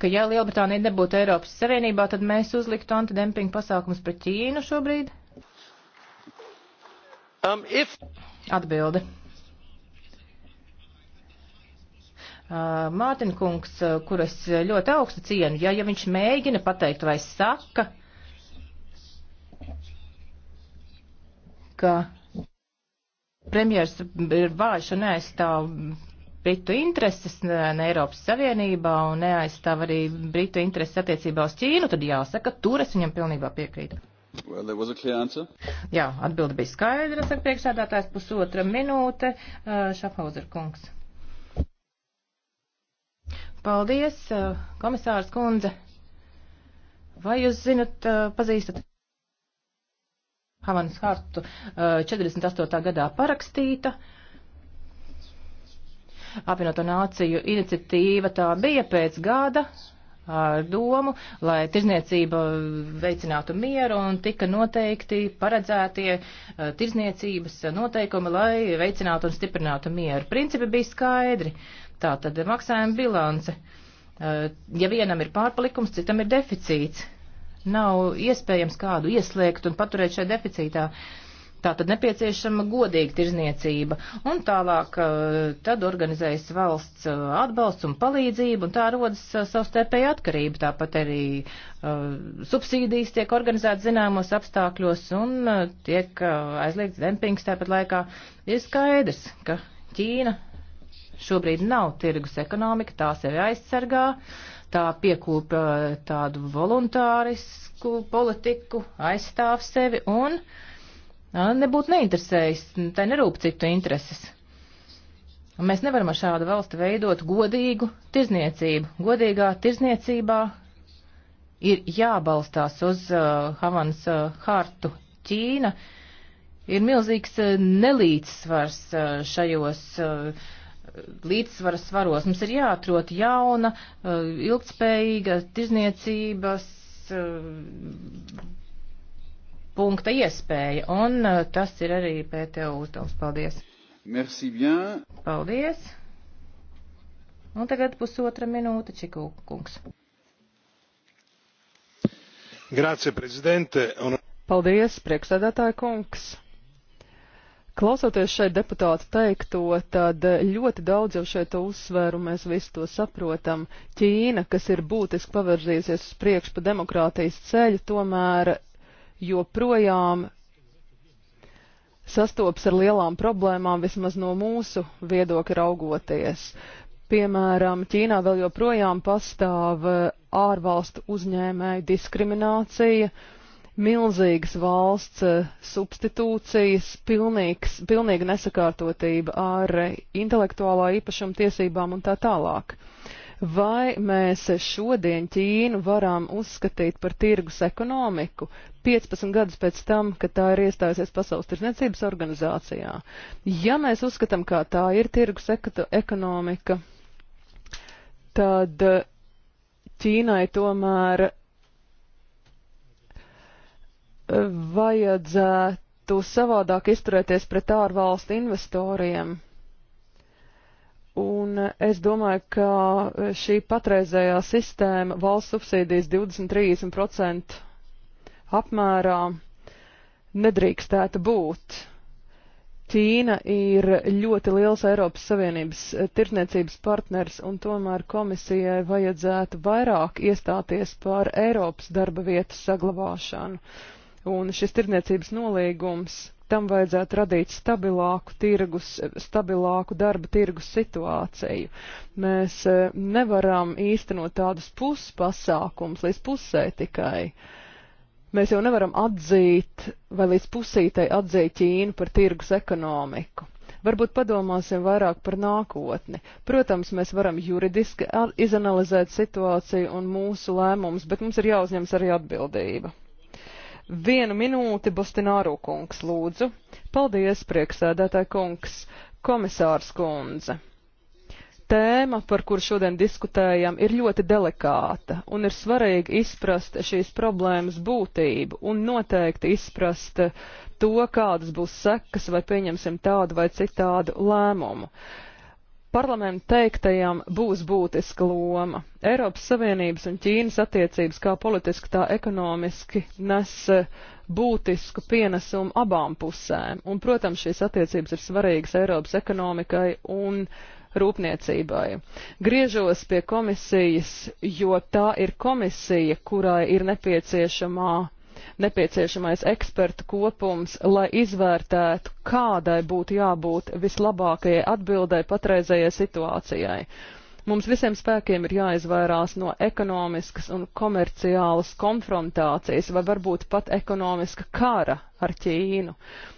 ka ja Lielbritānija nebūtu Eiropas Savienībā, tad mēs uzliktu antidempingu pasākumus pret Ķīnu šobrīd? Um, if... Atbilde. Mārtiņa kungs, kuras ļoti augstu cienu, ja, ja viņš mēģina pateikt vai saka, ka premjers ir vājš un neaizstāv Britu intereses ne Eiropas Savienībā un neaizstāv arī Britu intereses attiecībā uz Ķīnu, tad jāsaka, tur es viņam pilnībā piekrītu. Well, there was a clear answer. Jā, atbilde bija skaidra, saka priekšsēdātājs pusotra minūte, Šafhauser kungs. Paldies, eh, komisārs kundze. Vai jūs zinat, eh, pazīstat Havanas hartu 48. Eh, gadā parakstīta? Apvienoto nāciju iniciatīva tā bija pēc gada ar domu, lai tirzniecība veicinātu mieru un tika noteikti paredzētie tirzniecības noteikumi, lai veicinātu un stiprinātu mieru. Principi bija skaidri. Tā tad maksājuma bilance. Eh, ja vienam ir pārpalikums, citam ir deficīts. Nav iespējams kādu ieslēgt un paturēt šajā deficītā. Tā tad nepieciešama godīga tirzniecība. Un tālāk eh, tad organizējas valsts eh, atbalsts un palīdzība, un tā rodas savstarpēja atkarība. Tāpat arī uh, subsīdijas tiek organizētas zināmos apstākļos un uh, tiek uh, aizliegts dempings. Tāpat laikā ir skaidrs, ka Ķīna Šobrīd nav tirgus ekonomika, tā sevi aizsargā, tā piekūpa tādu voluntārisku politiku, aizstāv sevi un nebūtu neinteresējis, tai nerūp citu intereses. Un mēs nevaram ar šādu valsti veidot godīgu tirzniecību. Godīgā tirzniecībā ir jābalstās uz uh, Havanas uh, hartu. Ķīna ir milzīgs uh, nelīdzsvars uh, šajos uh, līdzsvara svaros. Mums ir jāatrot jauna, eh, ilgspējīga tirzniecības eh, punkta iespēja, un eh, tas ir arī PTO uzdevums. Paldies! Merci bien! Paldies! Un tagad pusotra minūte Čikū kungs. Grācie, prezidente! Un... Paldies, priekšsēdētāja kungs! Klausoties šeit deputātu teikto, tad ļoti daudz jau šeit to uzsver, un mēs visi to saprotam. Ķīna, kas ir būtiski pavirzījusies uz priekšu pa demokrātijas ceļu, tomēr joprojām sastopas ar lielām problēmām, vismaz no mūsu viedokļa raugoties. Piemēram, Ķīnā vēl joprojām pastāv ārvalstu uzņēmēju diskriminācija, uh, milzīgas valsts eh, substitūcijas, pilnīgs, pilnīga nesakārtotība ar intelektuālā īpašuma tiesībām un tā tālāk. Vai mēs šodien Ķīnu varam uzskatīt par tirgus ekonomiku 15 gadus pēc tam, kad tā ir iestājusies Pasaules tirsniecības organizācijā? Ja mēs uzskatām, kā tā ir tirgus ekonomika, tad eh, Ķīnai tomēr vajadzētu savādāk izturēties pret ārvalstu investoriem. Un es domāju, ka šī patreizējā sistēma valsts subsīdijas 20-30% apmērā nedrīkstētu būt. Ķīna ir ļoti liels Eiropas Savienības tirdzniecības partners, un tomēr komisijai vajadzētu vairāk iestāties par Eiropas darba vietas saglabāšanu un šis tirdzniecības nolīgums tam vajadzētu radīt stabilāku, tirgus, stabilāku darba tirgus situāciju. Mēs e, nevaram īstenot tādus puspasākums līdz pusē tikai. Mēs jau nevaram atzīt vai līdz pusītei atzīt Ķīnu par tirgus ekonomiku. Varbūt padomāsim vairāk par nākotni. Protams, mēs varam juridiski izanalizēt situāciju un mūsu lēmumus, bet mums ir jāuzņems arī atbildība. Vienu minūti Bostināro kungs, lūdzu. Paldies, prieksēdētāji kungs, komisārs kundze. Tēma, par kuru šodien diskutējam, ir ļoti delikāta un ir svarīgi izprast šīs problēmas būtību un noteikti izprast to, kādas būs sekas vai pieņemsim tādu vai citādu lēmumu. Parlamenta teiktajam būs būtiska loma. Eiropas Savienības un Ķīnas attiecības kā politiski, tā ekonomiski nes eh, būtisku pienesumu abām pusēm. Un, protams, šīs attiecības ir svarīgas Eiropas ekonomikai un rūpniecībai. Griežos pie komisijas, jo tā ir komisija, kurai ir nepieciešamā nepieciešamais ekspertu kopums, lai izvērtētu, kādai būtu jābūt vislabākajai atbildai patreizējai situācijai. Mums visiem spēkiem ir jāizvairās no ekonomiskas un komerciālas konfrontācijas vai varbūt pat ekonomiska kara ar Ķīnu.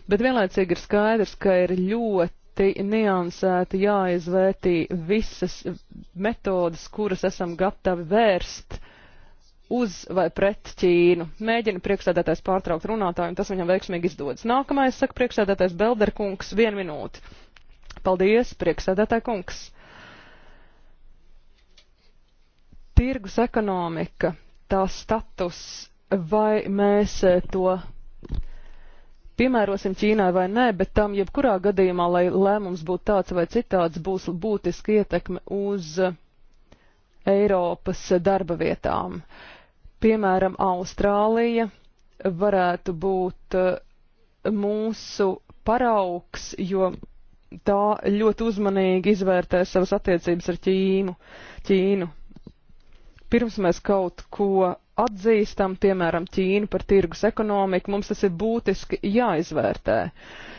Bet vienlaicīgi ir skaidrs, ka ir ļoti ļoti niansēti jāizvērtī visas metodas, kuras esam gatavi vērst uz vai pret Ķīnu. Mēģina priekšsēdētājs pārtraukt runātāju, un tas viņam veiksmīgi izdodas. Nākamais saka priekšsēdētājs Belderkungs, vienu minūti. Paldies, priekšsēdētāja kungs. Tirgus ekonomika, tā status, vai mēs eh, to piemērosim Ķīnai vai nē, bet tam jebkurā gadījumā, lai lēmums būtu tāds vai citāds, būs būtiski ietekme uz Eiropas darba vietām. Uh, Piemēram, Austrālija varētu būt eh, mūsu paraugs, jo tā ļoti uzmanīgi izvērtē savas attiecības ar Ķīnu. Ķīnu. Pirms mēs kaut ko atzīstam, piemēram, Ķīnu par tirgus ekonomiku, mums tas ir būtiski jāizvērtē. Uh,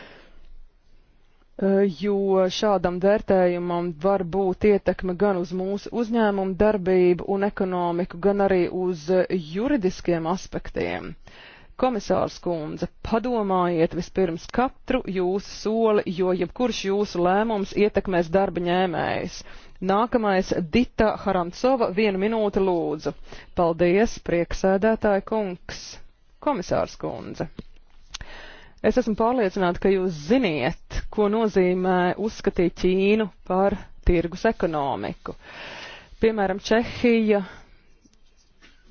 Eh, jo šādam vērtējumam var būt ietekme gan uz mūsu uzņēmumu darbību un ekonomiku, gan arī uz eh, juridiskiem aspektiem. Komisārs kundze, padomājiet vispirms katru jūsu soli, jo jebkurš jūsu lēmums ietekmēs darba ņēmējs. Nākamais Dita Harantsova, viena minūte lūdzu. Paldies, prieksēdētāja kungs, komisārs kundze. Es esmu pārliecināta, ka jūs ziniet, ko nozīmē uzskatīt Ķīnu par tirgus ekonomiku. Piemēram, Čehija.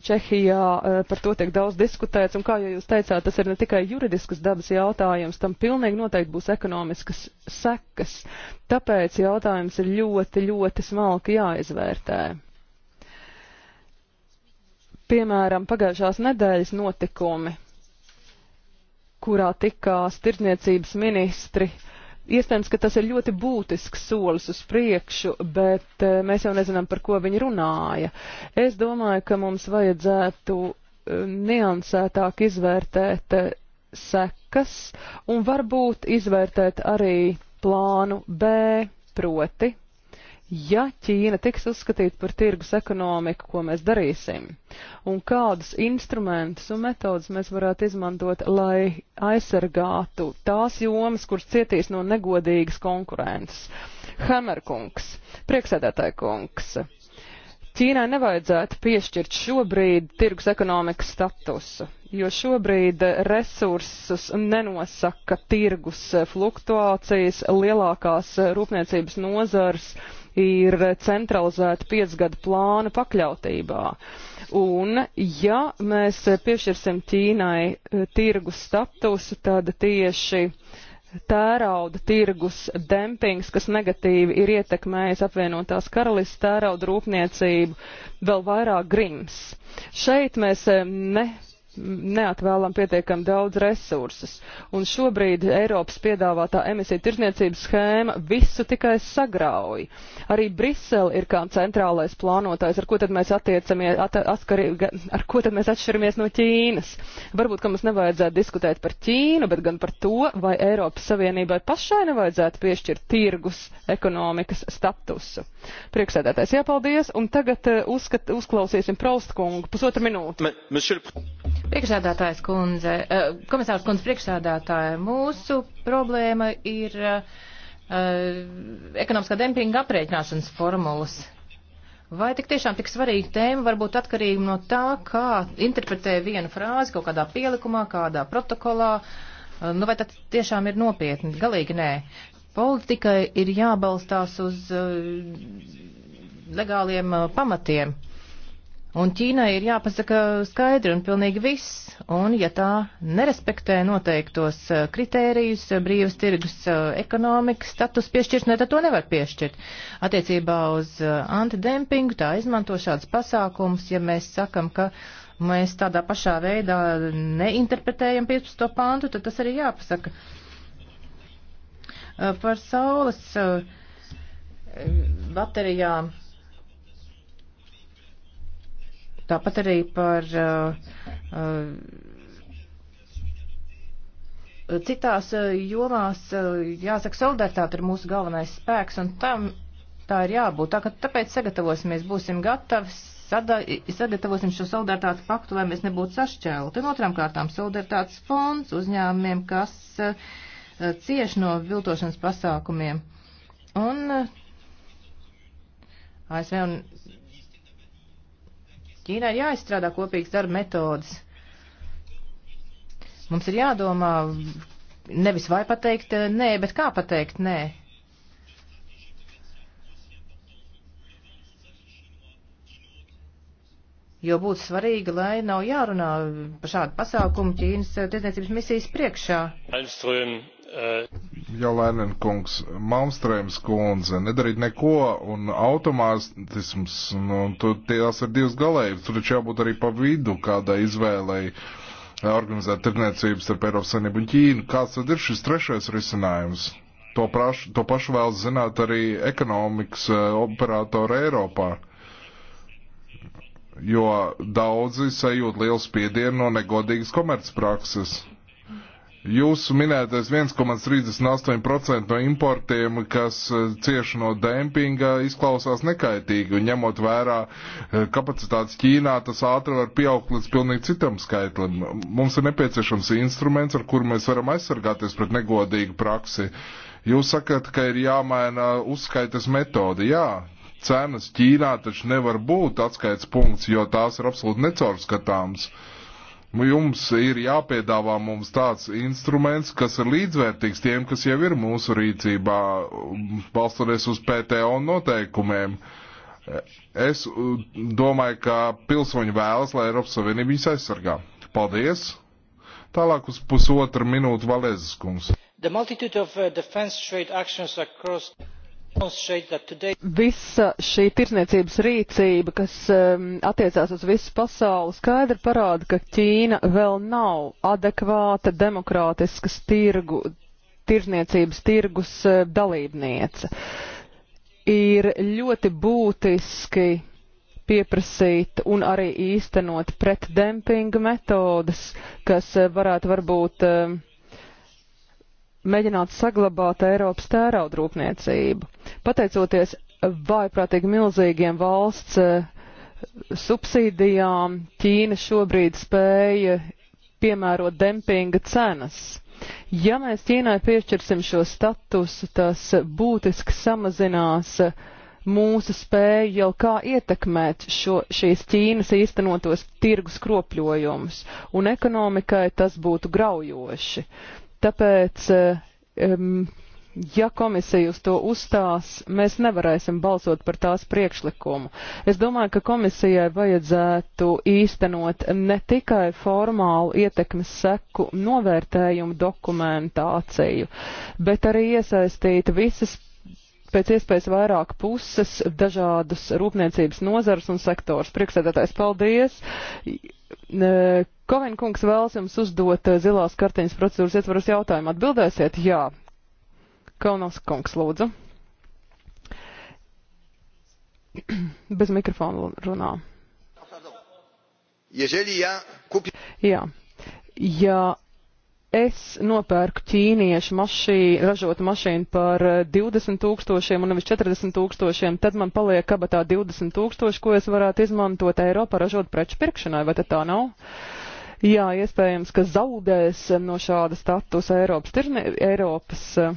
Čehijā eh, par to tiek daudz diskutēts, un kā jau jūs teicāt, tas ir ne tikai juridiskas dabas jautājums, tam pilnīgi noteikti būs ekonomiskas sekas. Tāpēc jautājums ir ļoti, ļoti smalki jāizvērtē. Piemēram, pagājušās nedēļas notikumi kurā tikās tirdzniecības ministri. Iespējams, ka tas ir ļoti būtisks solis uz priekšu, bet eh, mēs jau nezinām, par ko viņi runāja. Es domāju, ka mums vajadzētu eh, niansētāk izvērtēt eh, sekas un varbūt izvērtēt arī plānu B, proti ja Ķīna tiks uzskatīta par tirgus ekonomiku, ko mēs darīsim, un kādus instrumentus un metodus mēs varētu izmantot, lai aizsargātu tās jomas, kuras cietīs no negodīgas konkurences. Hamerkungs, prieksēdētāja kungs. Ķīnai nevajadzētu piešķirt šobrīd tirgus ekonomikas statusu, jo šobrīd resursus nenosaka tirgus fluktuācijas, lielākās rūpniecības nozars, ir centralizēta piecgada plāna pakļautībā. Un, ja mēs piešķirsim Ķīnai eh, tirgus statusu, tad tieši tērauda tirgus dempings, kas negatīvi ir ietekmējis apvienotās karalistas tērauda rūpniecību, vēl vairāk grims. Šeit mēs eh, ne neatvēlam pietiekami daudz resursus. Un šobrīd Eiropas piedāvātā emisija tirzniecības schēma visu tikai sagrauj. Arī Brisele ir kā centrālais plānotājs, ar ko tad mēs attiecamies, at, askari, ar ko tad mēs atšķiramies no Ķīnas. Varbūt, ka mums nevajadzētu diskutēt par Ķīnu, bet gan par to, vai Eiropas Savienībai pašai nevajadzētu piešķirt tirgus ekonomikas statusu. Prieksēdētais jāpaldies, un tagad eh, uzskat, uzklausīsim Praustkungu pusotru minūti. M Priekšsēdētājs kundze, eh, komisārs kundze priekšsēdētāja, mūsu problēma ir eh, ekonomiskā dempinga aprēķināšanas formulas. Vai tik tiešām tik svarīga tēma var būt atkarīga no tā, kā interpretē vienu frāzi kaut kādā pielikumā, kādā protokolā? Eh, nu, vai tad tiešām ir nopietni? Galīgi nē. Politikai ir jābalstās uz legāliem pamatiem. Un Ķīnai ir jāpasaka skaidri un pilnīgi viss, un ja tā nerespektē noteiktos eh, kritērijus, eh, brīvas tirgus eh, ekonomikas status piešķiršanai, tad to nevar piešķirt. Attiecībā uz antidempingu tā izmanto šāds pasākums, ja mēs sakam, ka mēs tādā pašā veidā neinterpretējam 15. pāntu, tad tas arī jāpasaka. Par saules baterijām Tāpat arī par uh, uh, citās uh, jomās, jāsaka, solidaritāte ir mūsu galvenais spēks, un tam tā ir jābūt. Tā, ka, tāpēc sagatavosimies, būsim gatavi, sada, sagatavosim šo solidaritātes paktu, lai mēs nebūtu sašķēluti. Un otram kārtām solidaritātes fonds uzņēmumiem, kas uh, cieš no viltošanas pasākumiem. Un uh, ASV un Ķīnai ir jāizstrādā kopīgas darba metodas. Mums ir jādomā nevis vai pateikt eh, nē, bet kā pateikt nē. Jo būtu svarīgi, lai nav jārunā par šādu pasākumu Ķīnas eh, tirdzniecības misijas priekšā. Malmström Uh, Jā, Lēnen kungs, Malmstrēms kundze, nedarīt neko un automātisms, nu, tu, tās ir divas galējības, tur taču jābūt arī pa vidu kādai izvēlei uh, organizēt tirniecības starp Eiropas Savienību un Ķīnu. Kāds tad ir šis trešais risinājums? To, praš, to pašu vēlas zināt arī ekonomikas uh, operatori Eiropā jo daudzi sajūt lielu spiedienu no negodīgas komercprakses. Jūsu minētais 1,38% no importiem, kas eh, cieši no dempinga, izklausās nekaitīgi, un ņemot vērā eh, kapacitātes Ķīnā, tas ātri var pieaugt līdz pilnīgi citam skaitlim. Mums ir nepieciešams instruments, ar kuru mēs varam aizsargāties pret negodīgu praksi. Jūs sakat, ka ir jāmaina uzskaitas metode. Jā, cenas Ķīnā taču nevar būt atskaits punkts, jo tās ir absolūti necaurskatāmas. Uh, Nu, jums ir jāpiedāvā mums tāds instruments, kas ir līdzvērtīgs tiem, kas jau ir mūsu rīcībā, balstoties uz PTO noteikumiem. Es uh, domāju, ka pilsoņi vēlas, lai Eiropas Savienība viņus aizsargā. Paldies! Tālāk uz pusotru minūtu Valēzes kungs. Uh, across... Visa šī tirsniecības rīcība, kas um, attiecās uz visu pasauli, skaidri parāda, ka Ķīna vēl nav adekvāta demokrātiskas tirgu, tirsniecības tirgus eh, dalībniece. Ir ļoti būtiski pieprasīt un arī īstenot pretdempinga metodas, kas eh, varētu varbūt uh, mēģināt saglabāt Eiropas tēraudraūpniecību. Pateicoties vaiprātīgi milzīgiem valsts eh, subsīdijām, Ķīna šobrīd spēja piemērot dempinga cenas. Ja mēs Ķīnai piešķirsim šo statusu, tas būtiski samazinās mūsu spēju jau kā ietekmēt šo, šīs Ķīnas īstenotos tirgus kropļojumus, un ekonomikai tas būtu graujoši. Tāpēc, eh, ja komisija uz to uzstās, mēs nevarēsim balsot par tās priekšlikumu. Es domāju, ka komisijai vajadzētu īstenot ne tikai formālu ietekmes seku novērtējumu dokumentāciju, bet arī iesaistīt visas pēc iespējas vairāk puses dažādus rūpniecības nozars un sektors. Priekšsēdētājs, paldies! Eh, Kovenkungs vēlas jums uzdot eh, zilās kartiņas procedūras ietvaros jautājumu. Atbildēsiet? Jā. Kaunos kungs, lūdzu. Bez mikrofona runā. Jā. Ja es nopērku ķīniešu mašīnu, ražotu mašīnu par 20 eh, tūkstošiem un nevis 40 tūkstošiem, tad man paliek kabatā 20 tūkstoši, ko es varētu izmantot Eiropā ražot preču pirkšanai, vai tad tā nav? Uh, Jā, iespējams, ka zaudēs no šāda statusa Eiropas, tirne, Eiropas eh,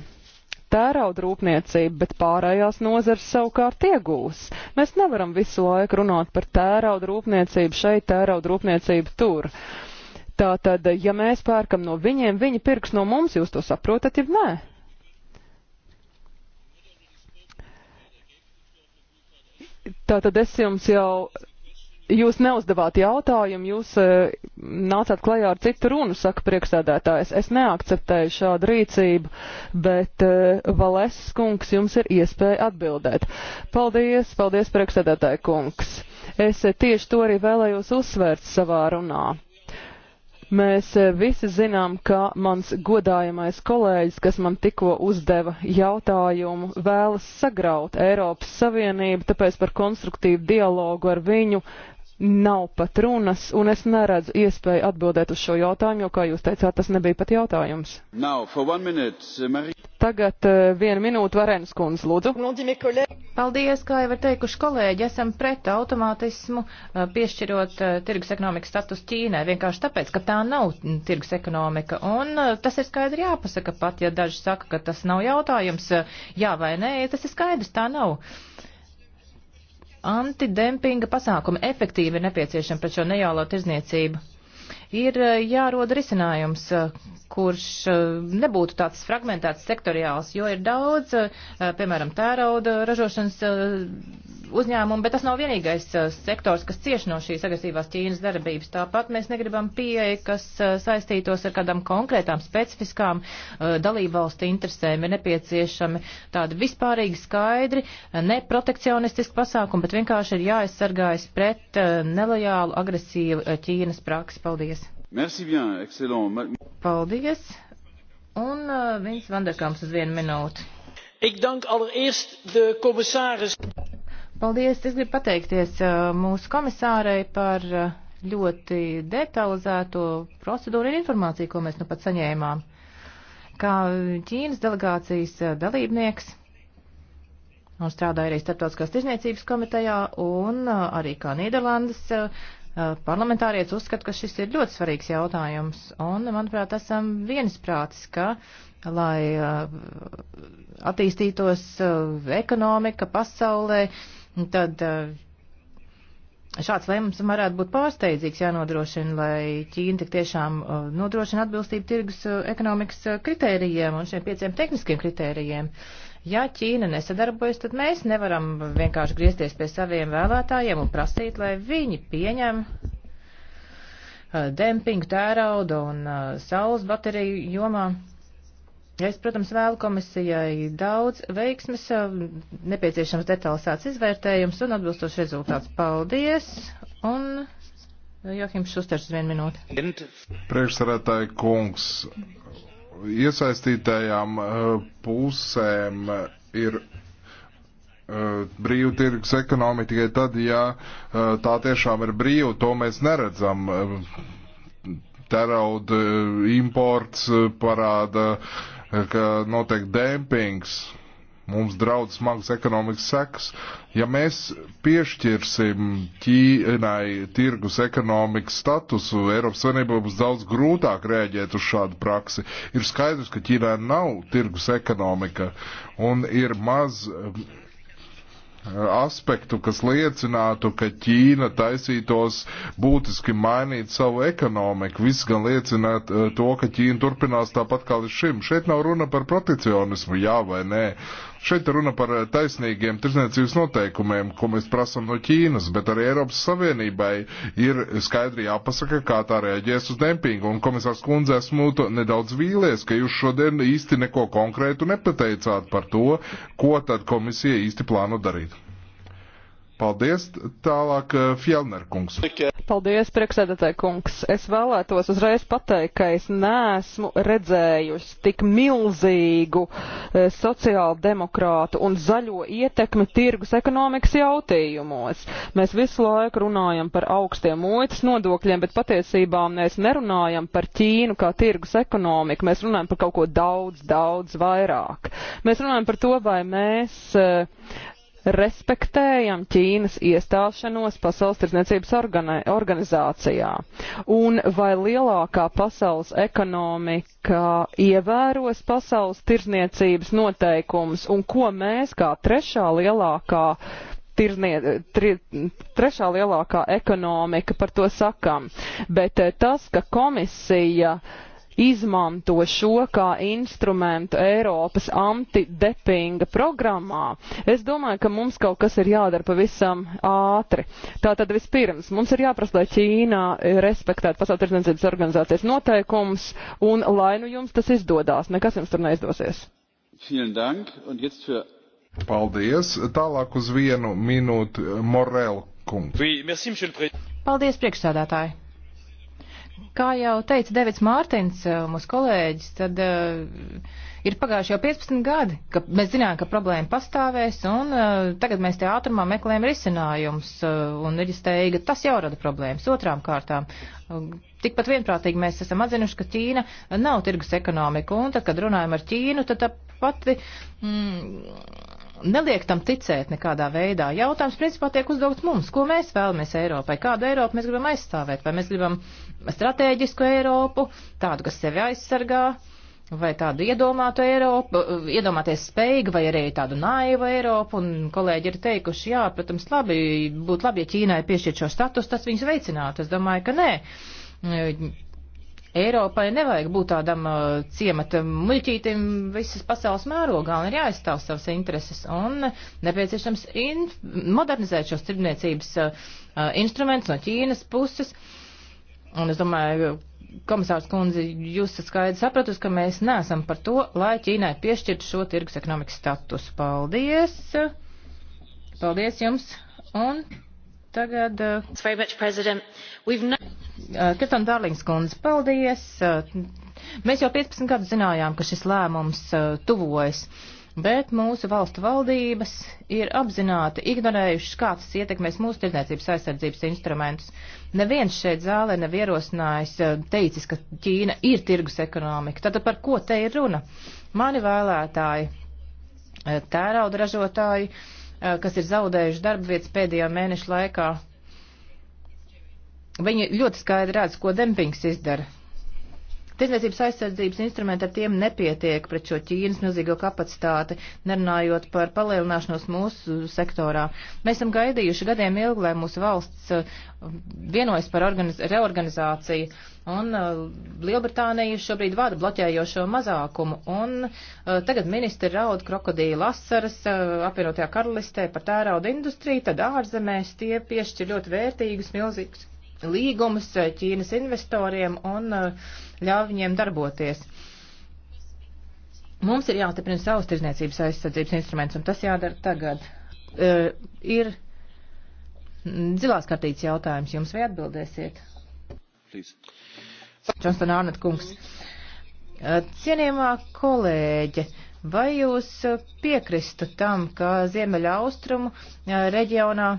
tērauda rūpniecība, bet pārējās nozars savukārt iegūs. Mēs nevaram visu laiku runāt par tērauda rūpniecību šeit, tērauda rūpniecību tur. Tātad, ja mēs pērkam no viņiem, viņi pirks no mums, jūs to saprotat, ja nē? Tātad es jums jau jūs neuzdevāt jautājumu, jūs e, nācāt klajā ar citu runu, saka priekšsēdētājs. Es neakceptēju šādu rīcību, bet e, Valēs kungs jums ir iespēja atbildēt. Paldies, paldies priekšsēdētāja kungs. Es e, tieši to arī vēlējos uzsvērt savā runā. Mēs visi zinām, ka mans godājamais kolēģis, kas man tikko uzdeva jautājumu, vēlas sagraut Eiropas Savienību, tāpēc par konstruktīvu dialogu ar viņu nav pat runas, un es neredzu iespēju atbildēt uz šo jautājumu, jo, kā jūs teicāt, tas nebija pat jautājums. Now, minute, uh, Marie... Tagad uh, vienu minūtu Varēnas kundze, lūdzu. Paldies, kā jau ir teikuši kolēģi, esam pret automātismu uh, piešķirot uh, tirgus ekonomikas status Ķīnai, vienkārši tāpēc, ka tā nav tirgus ekonomika, un uh, tas ir skaidri jāpasaka pat, ja daži saka, ka tas nav jautājums, uh, jā vai nē, tas ir skaidrs, tā nav. Uh, Antidempinga pasākumi efektīvi ir nepieciešami pret šo nejālo tirzniecību ir eh, jāroda risinājums, eh, kurš eh, nebūtu tāds fragmentēts sektoriāls, jo ir daudz, piemēram, tērauda ražošanas uzņēmumu, bet tas nav vienīgais sektors, kas cieši no šīs agresīvās Ķīnas darbības. Tāpat mēs negribam pieeja, kas saistītos ar kādām konkrētām specifiskām dalībvalstu interesēm. Ir nepieciešami tādi vispārīgi skaidri, ne protekcionistiski pasākumi, bet vienkārši ir jāaizsargājas pret nelojālu agresīvu Ķīnas praksi. Paldies! Merci bien, excellent. Paldies. Un uh, Vins Vanderkams uz vienu minūti. Ik dank allereerst de commissaris. Paldies. Es gribu pateikties uh, mūsu komisārai par uh, ļoti detalizēto procedūru un informāciju, ko mēs nu pat saņēmām. Kā Ķīnas delegācijas uh, dalībnieks un strādāja arī Startautiskās tirzniecības komitejā un uh, arī kā Nīderlandes uh, parlamentārietis uzskata, ka šis ir ļoti svarīgs jautājums, un, manuprāt, esam viensprātis, ka, lai attīstītos ekonomika pasaulē, tad šāds lēmums varētu būt pārsteidzīgs jānodrošina, lai Ķīna tik tiešām nodrošina atbilstību tirgus ekonomikas kritērijiem un šiem pieciem tehniskiem kritērijiem. Uh, Ja Ķīna nesadarbojas, tad mēs nevaram vienkārši griezties pie saviem vēlētājiem un prasīt, lai viņi pieņem uh, dempingu tērauda un uh, saules bateriju jomā. Es, protams, vēlu komisijai daudz veiksmes, uh, nepieciešams detalizēts izvērtējums un atbilstošs rezultāts. Paldies! Un Johims Šusters uz vienu minūti. Priekšsarētāji kungs, Iesaistītajām eh, pusēm ir eh, brīva tirgus ekonomika tikai tad, ja eh, tā tiešām ir brīva, to mēs neredzam. Terauda imports parāda, ka notiek dempings Mums draudz smagas ekonomikas sekas. Ja mēs piešķirsim Ķīnai tirgus ekonomikas statusu, Eiropas Savienībā būs daudz grūtāk rēģēt uz šādu praksi. Ir skaidrs, ka Ķīnā nav tirgus ekonomika un ir maz um, aspektu, kas liecinātu, ka Ķīna taisītos būtiski mainīt savu ekonomiku. Viss gan liecina uh, to, ka Ķīna turpinās tāpat kā līdz šim. Šeit nav runa par protekcionismu, jā vai nē. Šeit runa par eh, taisnīgiem tirzniecības noteikumiem, ko mēs prasam no Ķīnas, bet arī Eiropas Savienībai ir skaidri jāpasaka, kā tā reaģēs uz dempingu. Un komisārs Kundze esmu nedaudz vīlies, ka jūs šodien īsti neko konkrētu nepateicāt par to, ko tad komisija īsti plāno darīt. Paldies, tālāk eh, Fjellner kungs. Paldies, priekšsēdētāji kungs. Es vēlētos uzreiz pateikt, ka es neesmu redzējusi tik milzīgu e, sociāldemokrātu un zaļo ietekmi tirgus ekonomikas jautājumos. Mēs visu laiku runājam par augstiem muitas nodokļiem, bet patiesībā mēs nerunājam par Ķīnu kā tirgus ekonomiku. Mēs runājam par kaut ko daudz, daudz vairāk. Mēs runājam par to, vai mēs. E, respektējam Ķīnas iestāšanos Pasaules tirdzniecības organizācijā. Un vai lielākā pasaules ekonomika ievēros pasaules tirdzniecības noteikumus un ko mēs kā trešā lielākā tirznie, tri, trešā lielākā ekonomika par to sakām. Bet eh, tas, ka komisija uh, izmanto šo kā instrumentu Eiropas antidepinga programmā, es domāju, ka mums kaut kas ir jādara pavisam ātri. Tātad vispirms mums ir jāprasa, lai Ķīnā respektētu Pasaules tirdzniecības organizācijas noteikumus un lai nu jums tas izdodās, nekas jums tur neizdosies. Vielen Dank und jetzt für Paldies. Tālāk uz vienu minūti Morel kungs. Paldies, priekšsādātāji. Kā jau teica Devits Mārtiņš, eh, mūsu kolēģis, tad uh, ir pagājuši jau 15 gadi, ka mēs zinām, ka problēma pastāvēs, un uh, tagad mēs te ātrumā meklējam risinājumus, uh, un ir steiga, tas jau rada problēmas. Otrām kārtām, uh, tikpat vienprātīgi mēs esam atzinuši, ka Ķīna nav tirgus ekonomika, un tad, kad runājam ar Ķīnu, tad tā pati. Mm, neliek tam ticēt nekādā veidā. Jautājums principā tiek uzdots mums, ko mēs vēlamies Eiropai, kādu Eiropu mēs gribam aizstāvēt, vai mēs gribam strateģisku Eiropu, tādu, kas sevi aizsargā, vai tādu iedomātu Eiropu, iedomāties spējīgu, vai arī tādu naivu Eiropu, un kolēģi ir teikuši, jā, protams, labi, būtu labi, ja Ķīnai piešķirt šo status, tas viņus veicinātu. Es domāju, ka nē Eiropai nevajag būt tādam uh, ciemata muļķītim visas pasaules mērogā un ir jāaizstāv savas intereses un nepieciešams in, modernizēt šos tirdzniecības uh, uh, instrumentus no Ķīnas puses. Un es domāju, komisārs kundze, jūs esat skaidri sapratusi, ka mēs neesam par to, lai Ķīnai piešķirtu šo tirgus ekonomikas statusu. Paldies! Paldies jums! Un Tagad. Uh, Kriton uh, Dārlings kundze, paldies. Uh, mēs jau 15 gadus zinājām, ka šis lēmums tuvojas, bet mūsu valstu valdības ir apzināti ignorējušas, kāds tas ietekmēs mūsu tirdzniecības aizsardzības instrumentus. Neviens šeit zālē nav ierosinājis, teicis, ka Ķīna ir tirgus ekonomika. Tātad par ko te ir runa? Mani vēlētāji, tērauda ražotāji Eh, kas ir zaudējuši darba vietas pēdējā mēneša laikā. Viņi ļoti skaidri redz, ko dempings izdara. Tirzniecības aizsardzības instrumenti ar tiem nepietiek pret šo Ķīnas milzīgo kapacitāti, nerunājot par palielināšanos mūsu sektorā. Mēs esam gaidījuši gadiem ilgi, lai mūsu valsts uh, vienojas par reorganizāciju. Un uh, Lielbritānija šobrīd vada bloķējošo mazākumu. Un uh, tagad ministri raud krokodīla asaras uh, apvienotajā karalistē par tērauda industriju, tad ārzemēs tie piešķir ļoti vērtīgus, milzīgus līgumus eh, Ķīnas investoriem un eh, ļauj viņiem darboties. Mums ir jāstiprina savus tirzniecības aizsardzības instruments, un tas jādara tagad. Uh, ir zilās kartītes jautājums, jums vai atbildēsiet? Čonston Arnett kungs. Uh, cienījamā kolēģe, vai jūs piekristu tam, ka Ziemeļa austrumu uh, reģionā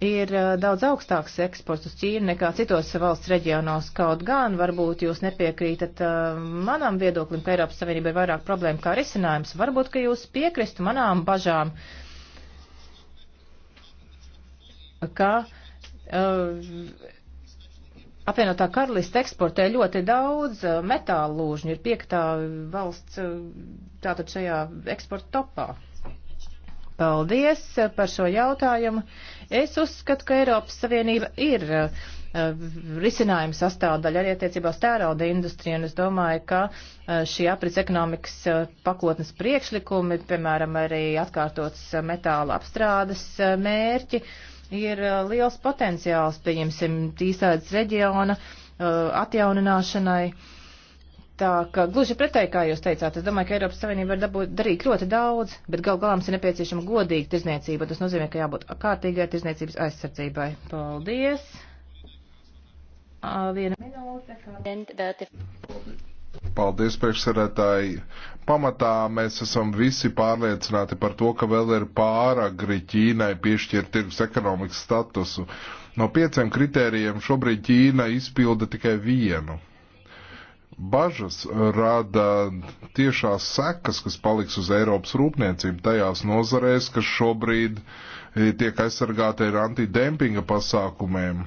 ir eh, daudz augstāks eksports uz Ķīnu nekā citos valsts reģionos. Kaut gan varbūt jūs nepiekrītat uh, manam viedoklim, ka Eiropas Savienība ir vairāk problēma kā risinājums. Varbūt, ka jūs piekristu manām bažām, ka uh, apvienotā karalista eksportē ļoti daudz uh, metālu lūžņu, ir piektā valsts uh, tātad šajā eksporta topā. Paldies par šo jautājumu. Uh, Es uzskatu, ka Eiropas Savienība ir uh, risinājuma sastāvdaļa arī attiecībā uz tērauda industriju, un es domāju, ka uh, šī aprits ekonomikas uh, pakotnes priekšlikumi, piemēram, arī atkārtots uh, metāla apstrādes uh, mērķi, ir uh, liels potenciāls, pieņemsim, tīsādas reģiona atjaunināšanai Tā ka gluži pretēji, kā jūs teicāt, es domāju, ka Eiropas Savienība var dabūt, darīt ļoti daudz, bet gal galā mums ir nepieciešama godīga tirzniecība. Tas nozīmē, ka jābūt kārtīgai tirzniecības aizsardzībai. Paldies! Viena minūte. Paldies, priekšsarētāji. Pamatā mēs esam visi pārliecināti par to, ka vēl ir pāragri Ķīnai piešķirt tirgus ekonomikas statusu. No pieciem kritērijiem šobrīd Ķīna izpilda tikai vienu Bažas rada tiešās sekas, kas paliks uz Eiropas rūpniecību tajās nozarēs, kas šobrīd eh, tiek aizsargāti ar antidempinga pasākumiem.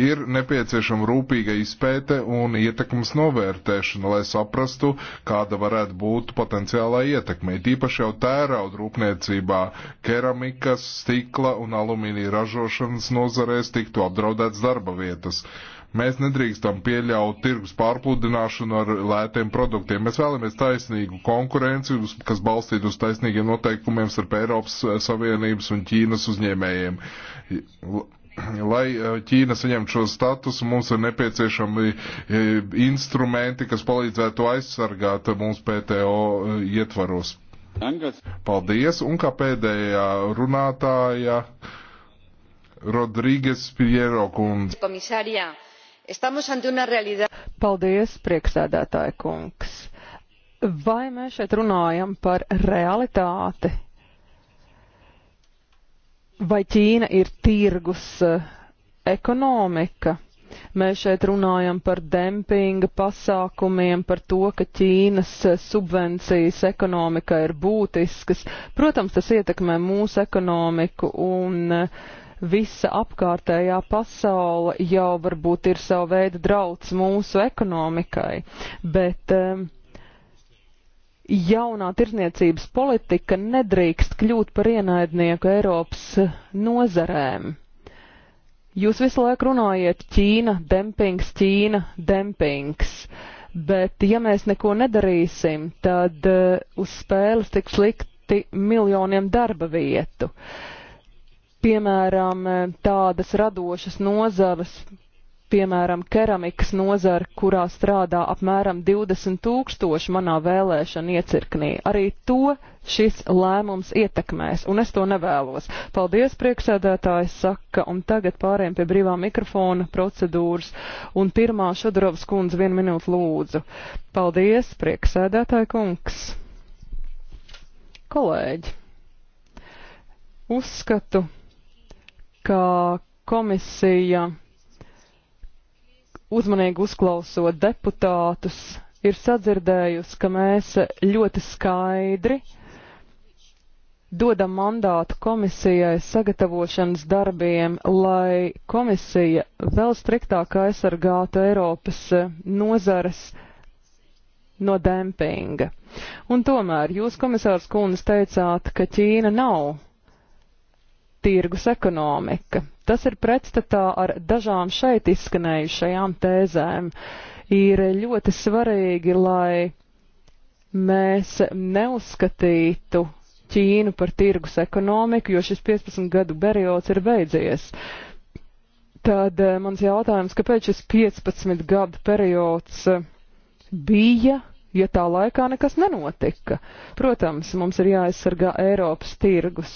Ir nepieciešama rūpīga izpēte un ietekmes novērtēšana, lai saprastu, kāda varētu būt potenciālā ietekme. Tīpaši jau tērauda rūpniecībā, keramikas, stikla un alumīnija ražošanas nozarēs tiktu apdraudēts darba vietas. Uh, Mēs nedrīkstam pieļaut tirgus pārpludināšanu ar lētiem produktiem. Mēs vēlamies taisnīgu konkurenci, kas balstītu uz taisnīgiem noteikumiem starp Eiropas eh, Savienības un Ķīnas uzņēmējiem lai eh, Ķīna saņemtu šo statusu, mums ir nepieciešami eh, instrumenti, kas palīdzētu aizsargāt mums PTO ietvaros. Paldies, un kā pēdējā runātāja Rodrīgas Piero kundze. Komisārija. Estamos ante una realidad. Paldies, prieksēdētāja kungs. Vai mēs šeit runājam par realitāti? Vai Ķīna ir tirgus eh, ekonomika? Mēs šeit runājam par dempinga pasākumiem, par to, ka Ķīnas eh, subvencijas ekonomika ir būtiskas. Protams, tas ietekmē mūsu ekonomiku un uh, visa apkārtējā pasaule jau varbūt ir sava veida drauds mūsu ekonomikai, bet um, jaunā tirzniecības politika nedrīkst kļūt par ienaidnieku Eiropas nozarēm. Jūs visu laiku runājat Ķīna, dempings, Ķīna, dempings. Bet, ja mēs neko nedarīsim, tad uh, uz spēles tiks likti miljoniem darba vietu. Uh, piemēram, eh, tādas radošas nozares, piemēram, keramikas nozara, kurā strādā apmēram 20 tūkstoši manā vēlēšana iecirknī. Arī to šis lēmums ietekmēs, un es to nevēlos. Paldies, prieksēdētājs saka, un tagad pāriem pie brīvā mikrofona procedūras, un pirmā Šadorovs kundze vienu minūtu lūdzu. Paldies, prieksēdētāja kungs. Kolēģi, uzskatu, ka komisija uzmanīgi uzklausot deputātus ir sadzirdējusi, ka mēs ļoti skaidri dodam mandātu komisijai sagatavošanas darbiem, lai komisija vēl striktāk aizsargātu Eiropas nozares no dempinga. Un tomēr jūs, komisārs Kunis, teicāt, ka Ķīna nav tirgus ekonomika. Tas ir pretstatā ar dažām šeit izskanējušajām tēzēm. Ir ļoti svarīgi, lai mēs neuzskatītu Ķīnu par tirgus ekonomiku, jo šis 15 gadu periods ir beidzies. Tad eh, mans jautājums, kāpēc šis 15 gadu periods eh, bija, ja tā laikā nekas nenotika? Protams, mums ir jāaizsargā Eiropas tirgus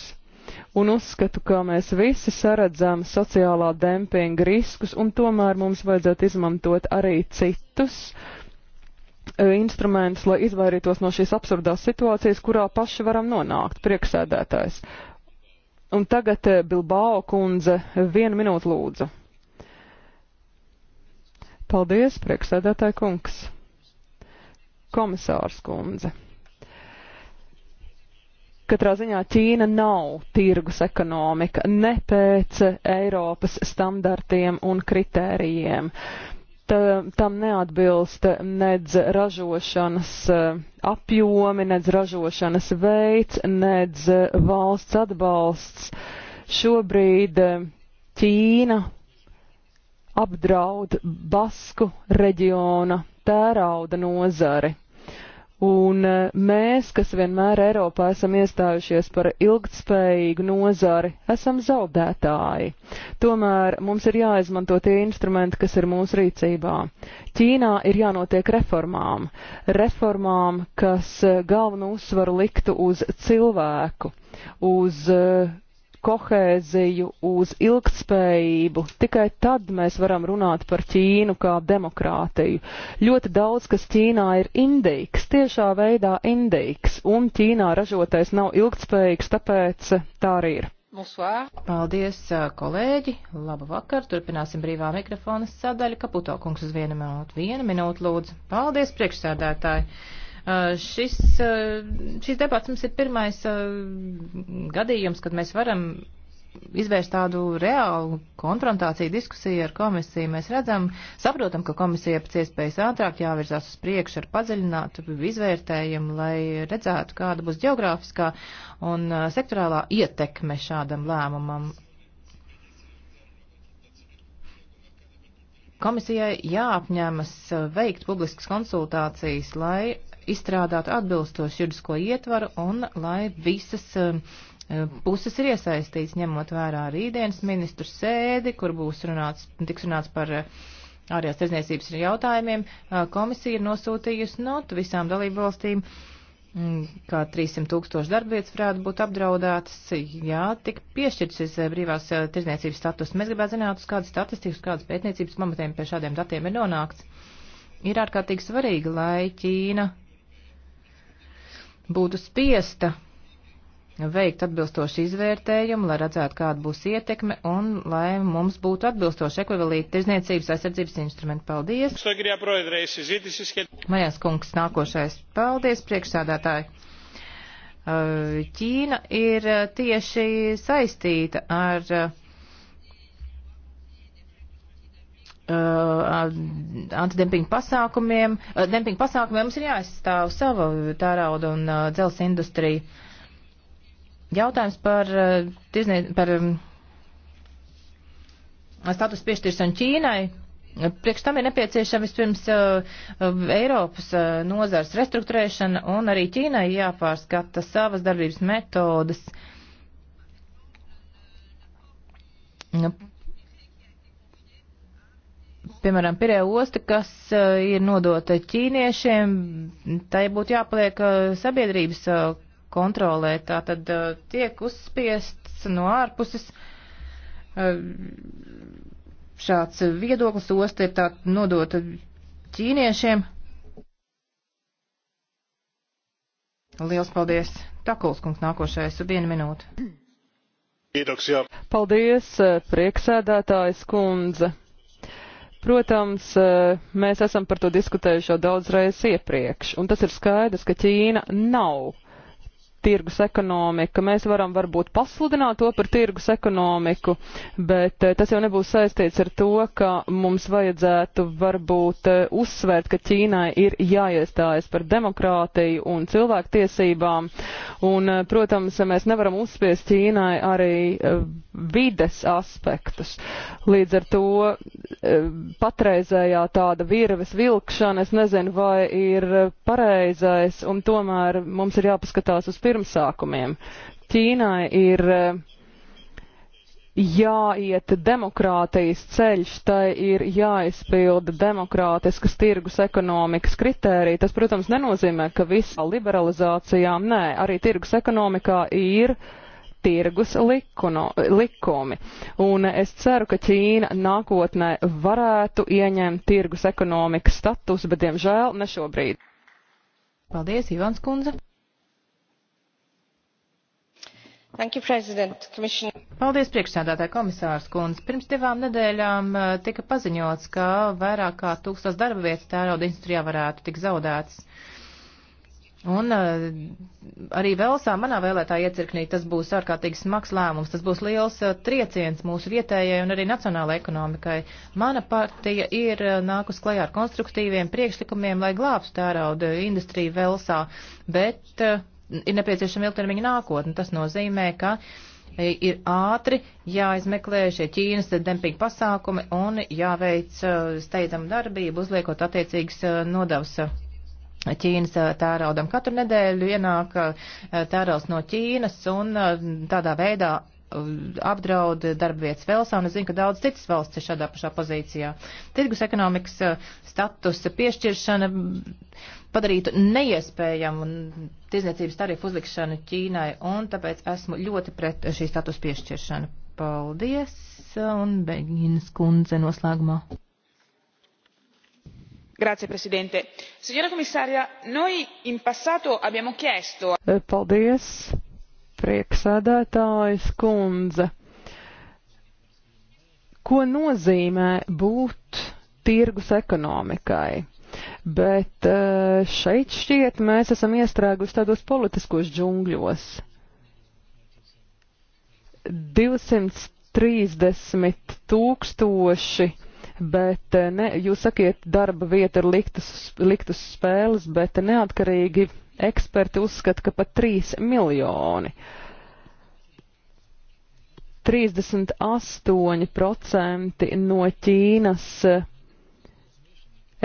un uzskatu, ka mēs visi saredzam sociālā dempinga riskus, un tomēr mums vajadzētu izmantot arī citus e, instrumentus, lai izvairītos no šīs absurdās situācijas, kurā paši varam nonākt, prieksēdētājs. Un tagad e, Bilbao kundze, vienu minūtu lūdzu. Paldies, prieksēdētāja kungs. Komisārs kundze. Katrā ziņā Ķīna nav tirgus ekonomika ne pēc Eiropas standartiem un kritērijiem. Tā, tam neatbilst nedz ražošanas eh, apjomi, nedz ražošanas veids, nedz valsts atbalsts. Šobrīd eh, Ķīna apdraud Basku reģiona tērauda nozari. Un eh, mēs, kas vienmēr Eiropā esam iestājušies par ilgtspējīgu nozari, esam zaudētāji. Tomēr mums ir jāizmanto tie instrumenti, kas ir mūsu rīcībā. Ķīnā ir jānotiek reformām. Reformām, kas eh, galvenu uzsvaru liktu uz cilvēku, uz eh, kohēziju, uz ilgtspējību. Tikai tad mēs varam runāt par Ķīnu kā demokrātiju. Ļoti daudz, kas Ķīnā ir indīgs, tiešā veidā indīgs, un Ķīnā ražotais nav ilgtspējīgs, tāpēc tā arī ir. Bonsoir. Paldies, kolēģi! Labu vakar! Turpināsim brīvā mikrofona sadaļu. Kaputo kungs uz vienu minūtu. Vienu minūtu lūdzu. Paldies, priekšsēdētāji! Eh, šis, eh, šis debats mums ir pirmais eh, gadījums, kad mēs varam izvērst tādu reālu konfrontāciju diskusiju ar komisiju. Mēs redzam, saprotam, ka komisija pēc iespējas ātrāk jāvirzās uz priekšu ar padziļinātu izvērtējumu, lai redzētu, kāda būs geogrāfiskā un sektorālā ietekme šādam lēmumam. Komisijai jāapņemas veikt publiskas konsultācijas, lai izstrādātu atbilstošu juridisko ietvaru un lai visas um, um, puses ir iesaistīts, ņemot vērā rītdienas ministru sēdi, kur būs runāts, tiks runāts par uh, ārējās tirdzniecības jautājumiem. Uh, komisija ir nosūtījusi notu visām dalību valstīm, mm, kā 300 tūkstoši darbvietas varētu būt apdraudētas, jā, tik piešķirts šis uh, brīvās tirdzniecības status. Mēs gribētu zināt, uz kādas statistikas, uz kādas pētniecības pamatiem pie šādiem datiem ir nonākts. Ir ārkārtīgi svarīgi, lai Ķīna būtu spiesta veikt atbilstošu izvērtējumu, lai redzētu, kāda būs ietekme un lai mums būtu atbilstoši ekvivalīti tirzniecības aizsardzības instrumenti. Paldies! Majās kungs nākošais. Paldies, priekšsādātāji! Ķīna ir tieši saistīta ar Uh, antidempinga pasākumiem, uh, dempinga pasākumiem mums ir jāizstāv sava tērauda un uh, dzels industrija. Jautājums par, tirznie, par um, status piešķiršanu Ķīnai. Priekš tam ir nepieciešama vispirms Eiropas nozars restruktūrēšana un arī Ķīnai jāpārskata savas darbības metodas piemēram, Pirēja osta, kas eh, ir nodota ķīniešiem, tai būtu jāpaliek eh, sabiedrības eh, kontrolē. Tā tad tiek uzspiests no ārpuses šāds viedoklis osta ir tā nodota ķīniešiem. Liels paldies! Takulskungs nākošais, viena minūte. Paldies, prieksēdētājs kundze! Protams, eh, mēs esam par to diskutējuši jau daudz reizes iepriekš, un tas ir skaidrs, ka Ķīna nav tirgus ekonomika. Mēs varam varbūt pasludināt to par tirgus ekonomiku, bet eh, tas jau nebūs saistīts ar to, ka mums vajadzētu varbūt eh, uzsvērt, ka Ķīnai ir jāiestājas par demokrātiju un cilvēktiesībām. Un, eh, protams, mēs nevaram uzspiest Ķīnai arī vides aspektus. Līdz ar to patreizējā tāda virves vilkšana, es nezinu, vai ir pareizais, un tomēr mums ir jāpaskatās uz pirmā pirmsākumiem. Ķīnai ir eh, jāiet demokrātijas ceļš, tai ir jāizpilda demokrātiskas tirgus ekonomikas kritērija. Tas, protams, nenozīmē, ka visā liberalizācijām nē, arī tirgus ekonomikā ir tirgus likuno, likumi. Un es ceru, ka Ķīna nākotnē varētu ieņemt tirgus ekonomikas status, bet, diemžēl, ne šobrīd. Paldies, Ivans Kunze! You, Paldies, priekšsēdētāji komisārs kundze. Pirms divām nedēļām eh, tika paziņots, ka vairāk kā tūkstos darba vietas tērauda industrijā varētu tik zaudētas. Un eh, arī Velsā manā vēlētā iecirknī tas būs ārkārtīgi smags lēmums, tas būs liels eh, trieciens mūsu vietējai un arī nacionālajai ekonomikai. Mana partija ir nākus klajā ar konstruktīviem priekšlikumiem, lai glābtu tērauda industriju Velsā, bet uh, ir nepieciešama ilgtermiņa nākotne. Tas nozīmē, ka e, ir ātri jāizmeklē šie Ķīnas dempinga pasākumi un jāveic e, steidzama darbība, uzliekot attiecīgas e, nodavas. Ķīnas tēraudam katru nedēļu ienāk tērauds no Ķīnas un tādā veidā apdraud darba vietas Velsā, un es zinu, ka daudz citas valsts ir šādā pašā pozīcijā. Tirgus ekonomikas statusa piešķiršana padarītu neiespējamu tirzniecības tarifu uzlikšanu Ķīnai, un tāpēc esmu ļoti pret šī status piešķiršanu. Paldies, un Beginas kundze noslēgumā. Grazie Presidente. Signora Commissaria, noi in passato abbiamo chiesto. Eh, paldies, prieksēdētājs kundze. Ko nozīmē būt tirgus ekonomikai? Bet eh, šeit šķiet mēs esam iestrēguši tādos politiskos džungļos. 230 tūkstoši, bet eh, ne, jūs sakiet, darba vieta ir liktas, liktas spēles, bet neatkarīgi eksperti uzskata, ka pat 3 miljoni. 38% no Ķīnas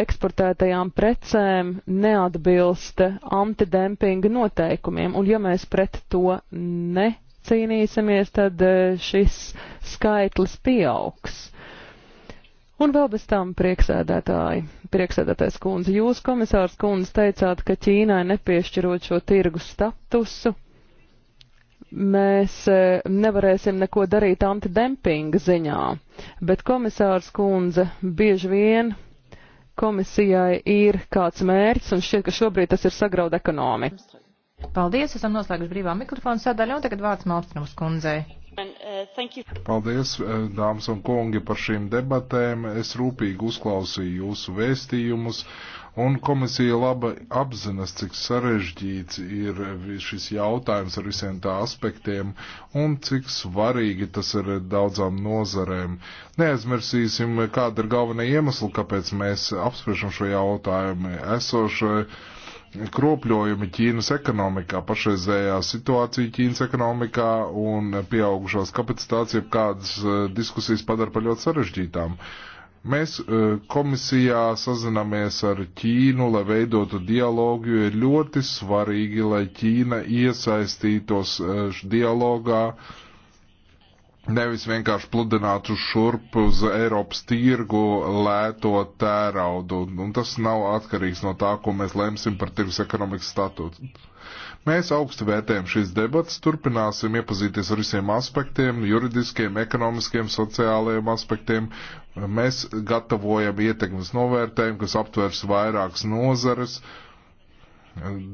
eksportētajām precēm neatbilst antidempinga noteikumiem, un ja mēs pret to necīnīsimies, tad e, šis skaitlis pieaugs. Un vēl bez tam prieksēdētāji, prieksēdētājs kundze, jūs, komisārs kundze, teicāt, ka Ķīnai nepiešķirot šo tirgu statusu, mēs e, nevarēsim neko darīt antidempinga ziņā, bet komisārs kundze bieži vien komisijai ir kāds mērķis, un šķiet, ka šobrīd tas ir sagraud ekonomiku. Paldies, esam noslēguši brīvā mikrofona sadaļu, un tagad vārds Malstrums kundzei. Uh, Paldies, uh, dāmas un kungi, par šīm debatēm. Es rūpīgi uzklausīju jūsu vēstījumus, un komisija laba apzinas, cik sarežģīts ir šis jautājums ar visiem tā aspektiem, un cik svarīgi tas ir daudzām nozarēm. Neaizmirsīsim, kāda ir galvenā iemesla, kāpēc mēs apspriešam šo jautājumu esošai kropļojumi Ķīnas ekonomikā, pašreizējā situācija Ķīnas ekonomikā un pieaugušās kapacitātes, jeb kādas eh, diskusijas padara par ļoti sarežģītām. Mēs eh, komisijā sazināmies ar Ķīnu, lai veidotu dialogu, jo ir ļoti svarīgi, lai Ķīna iesaistītos eh, dialogā uh, Nevis vienkārši pludināt uz šurp uz Eiropas tirgu lēto tēraudu, un tas nav atkarīgs no tā, ko mēs lemsim par tirgus ekonomikas statūtu. Mēs augstu vērtējam šīs debatas, turpināsim iepazīties ar visiem aspektiem, juridiskiem, ekonomiskiem, sociālajiem aspektiem. Mēs gatavojam ietekmes novērtējumu, kas aptvers vairākas nozares, uh,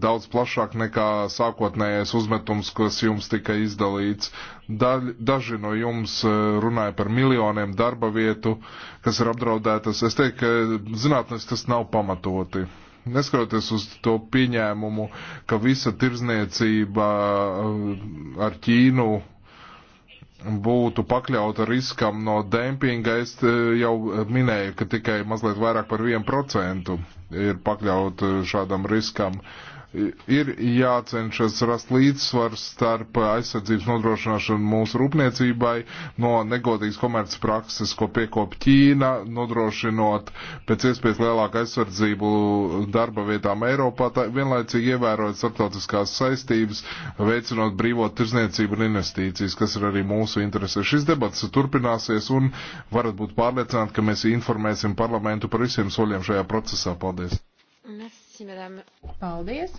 daudz plašāk nekā sākotnējais uzmetums, kas jums tika izdalīts. Daļ, daži no jums eh, runāja par miljoniem darba vietu, kas ir apdraudētas. Es teiktu, ka eh, zinātnes tas nav pamatoti. Neskatoties uz to pieņēmumu, ka visa tirzniecība eh, ar Ķīnu būtu pakļauta riskam no dempinga, es jau minēju, ka tikai mazliet vairāk par 1% ir pakļaut eh, šādam riskam. Uh, ir jācenšas rast līdzsvars starp aizsardzības nodrošināšanu mūsu rūpniecībai no negodīgas komerces prakses, ko piekop Ķīna, nodrošinot pēc iespējas lielāku aizsardzību darba vietām Eiropā, tā, vienlaicīgi ievērojot starptautiskās saistības, veicinot brīvo tirzniecību un investīcijas, kas ir arī mūsu interese. Šis debats turpināsies un varat būt pārliecināti, ka mēs informēsim parlamentu par visiem soļiem šajā procesā. Paldies! Merci. Paldies!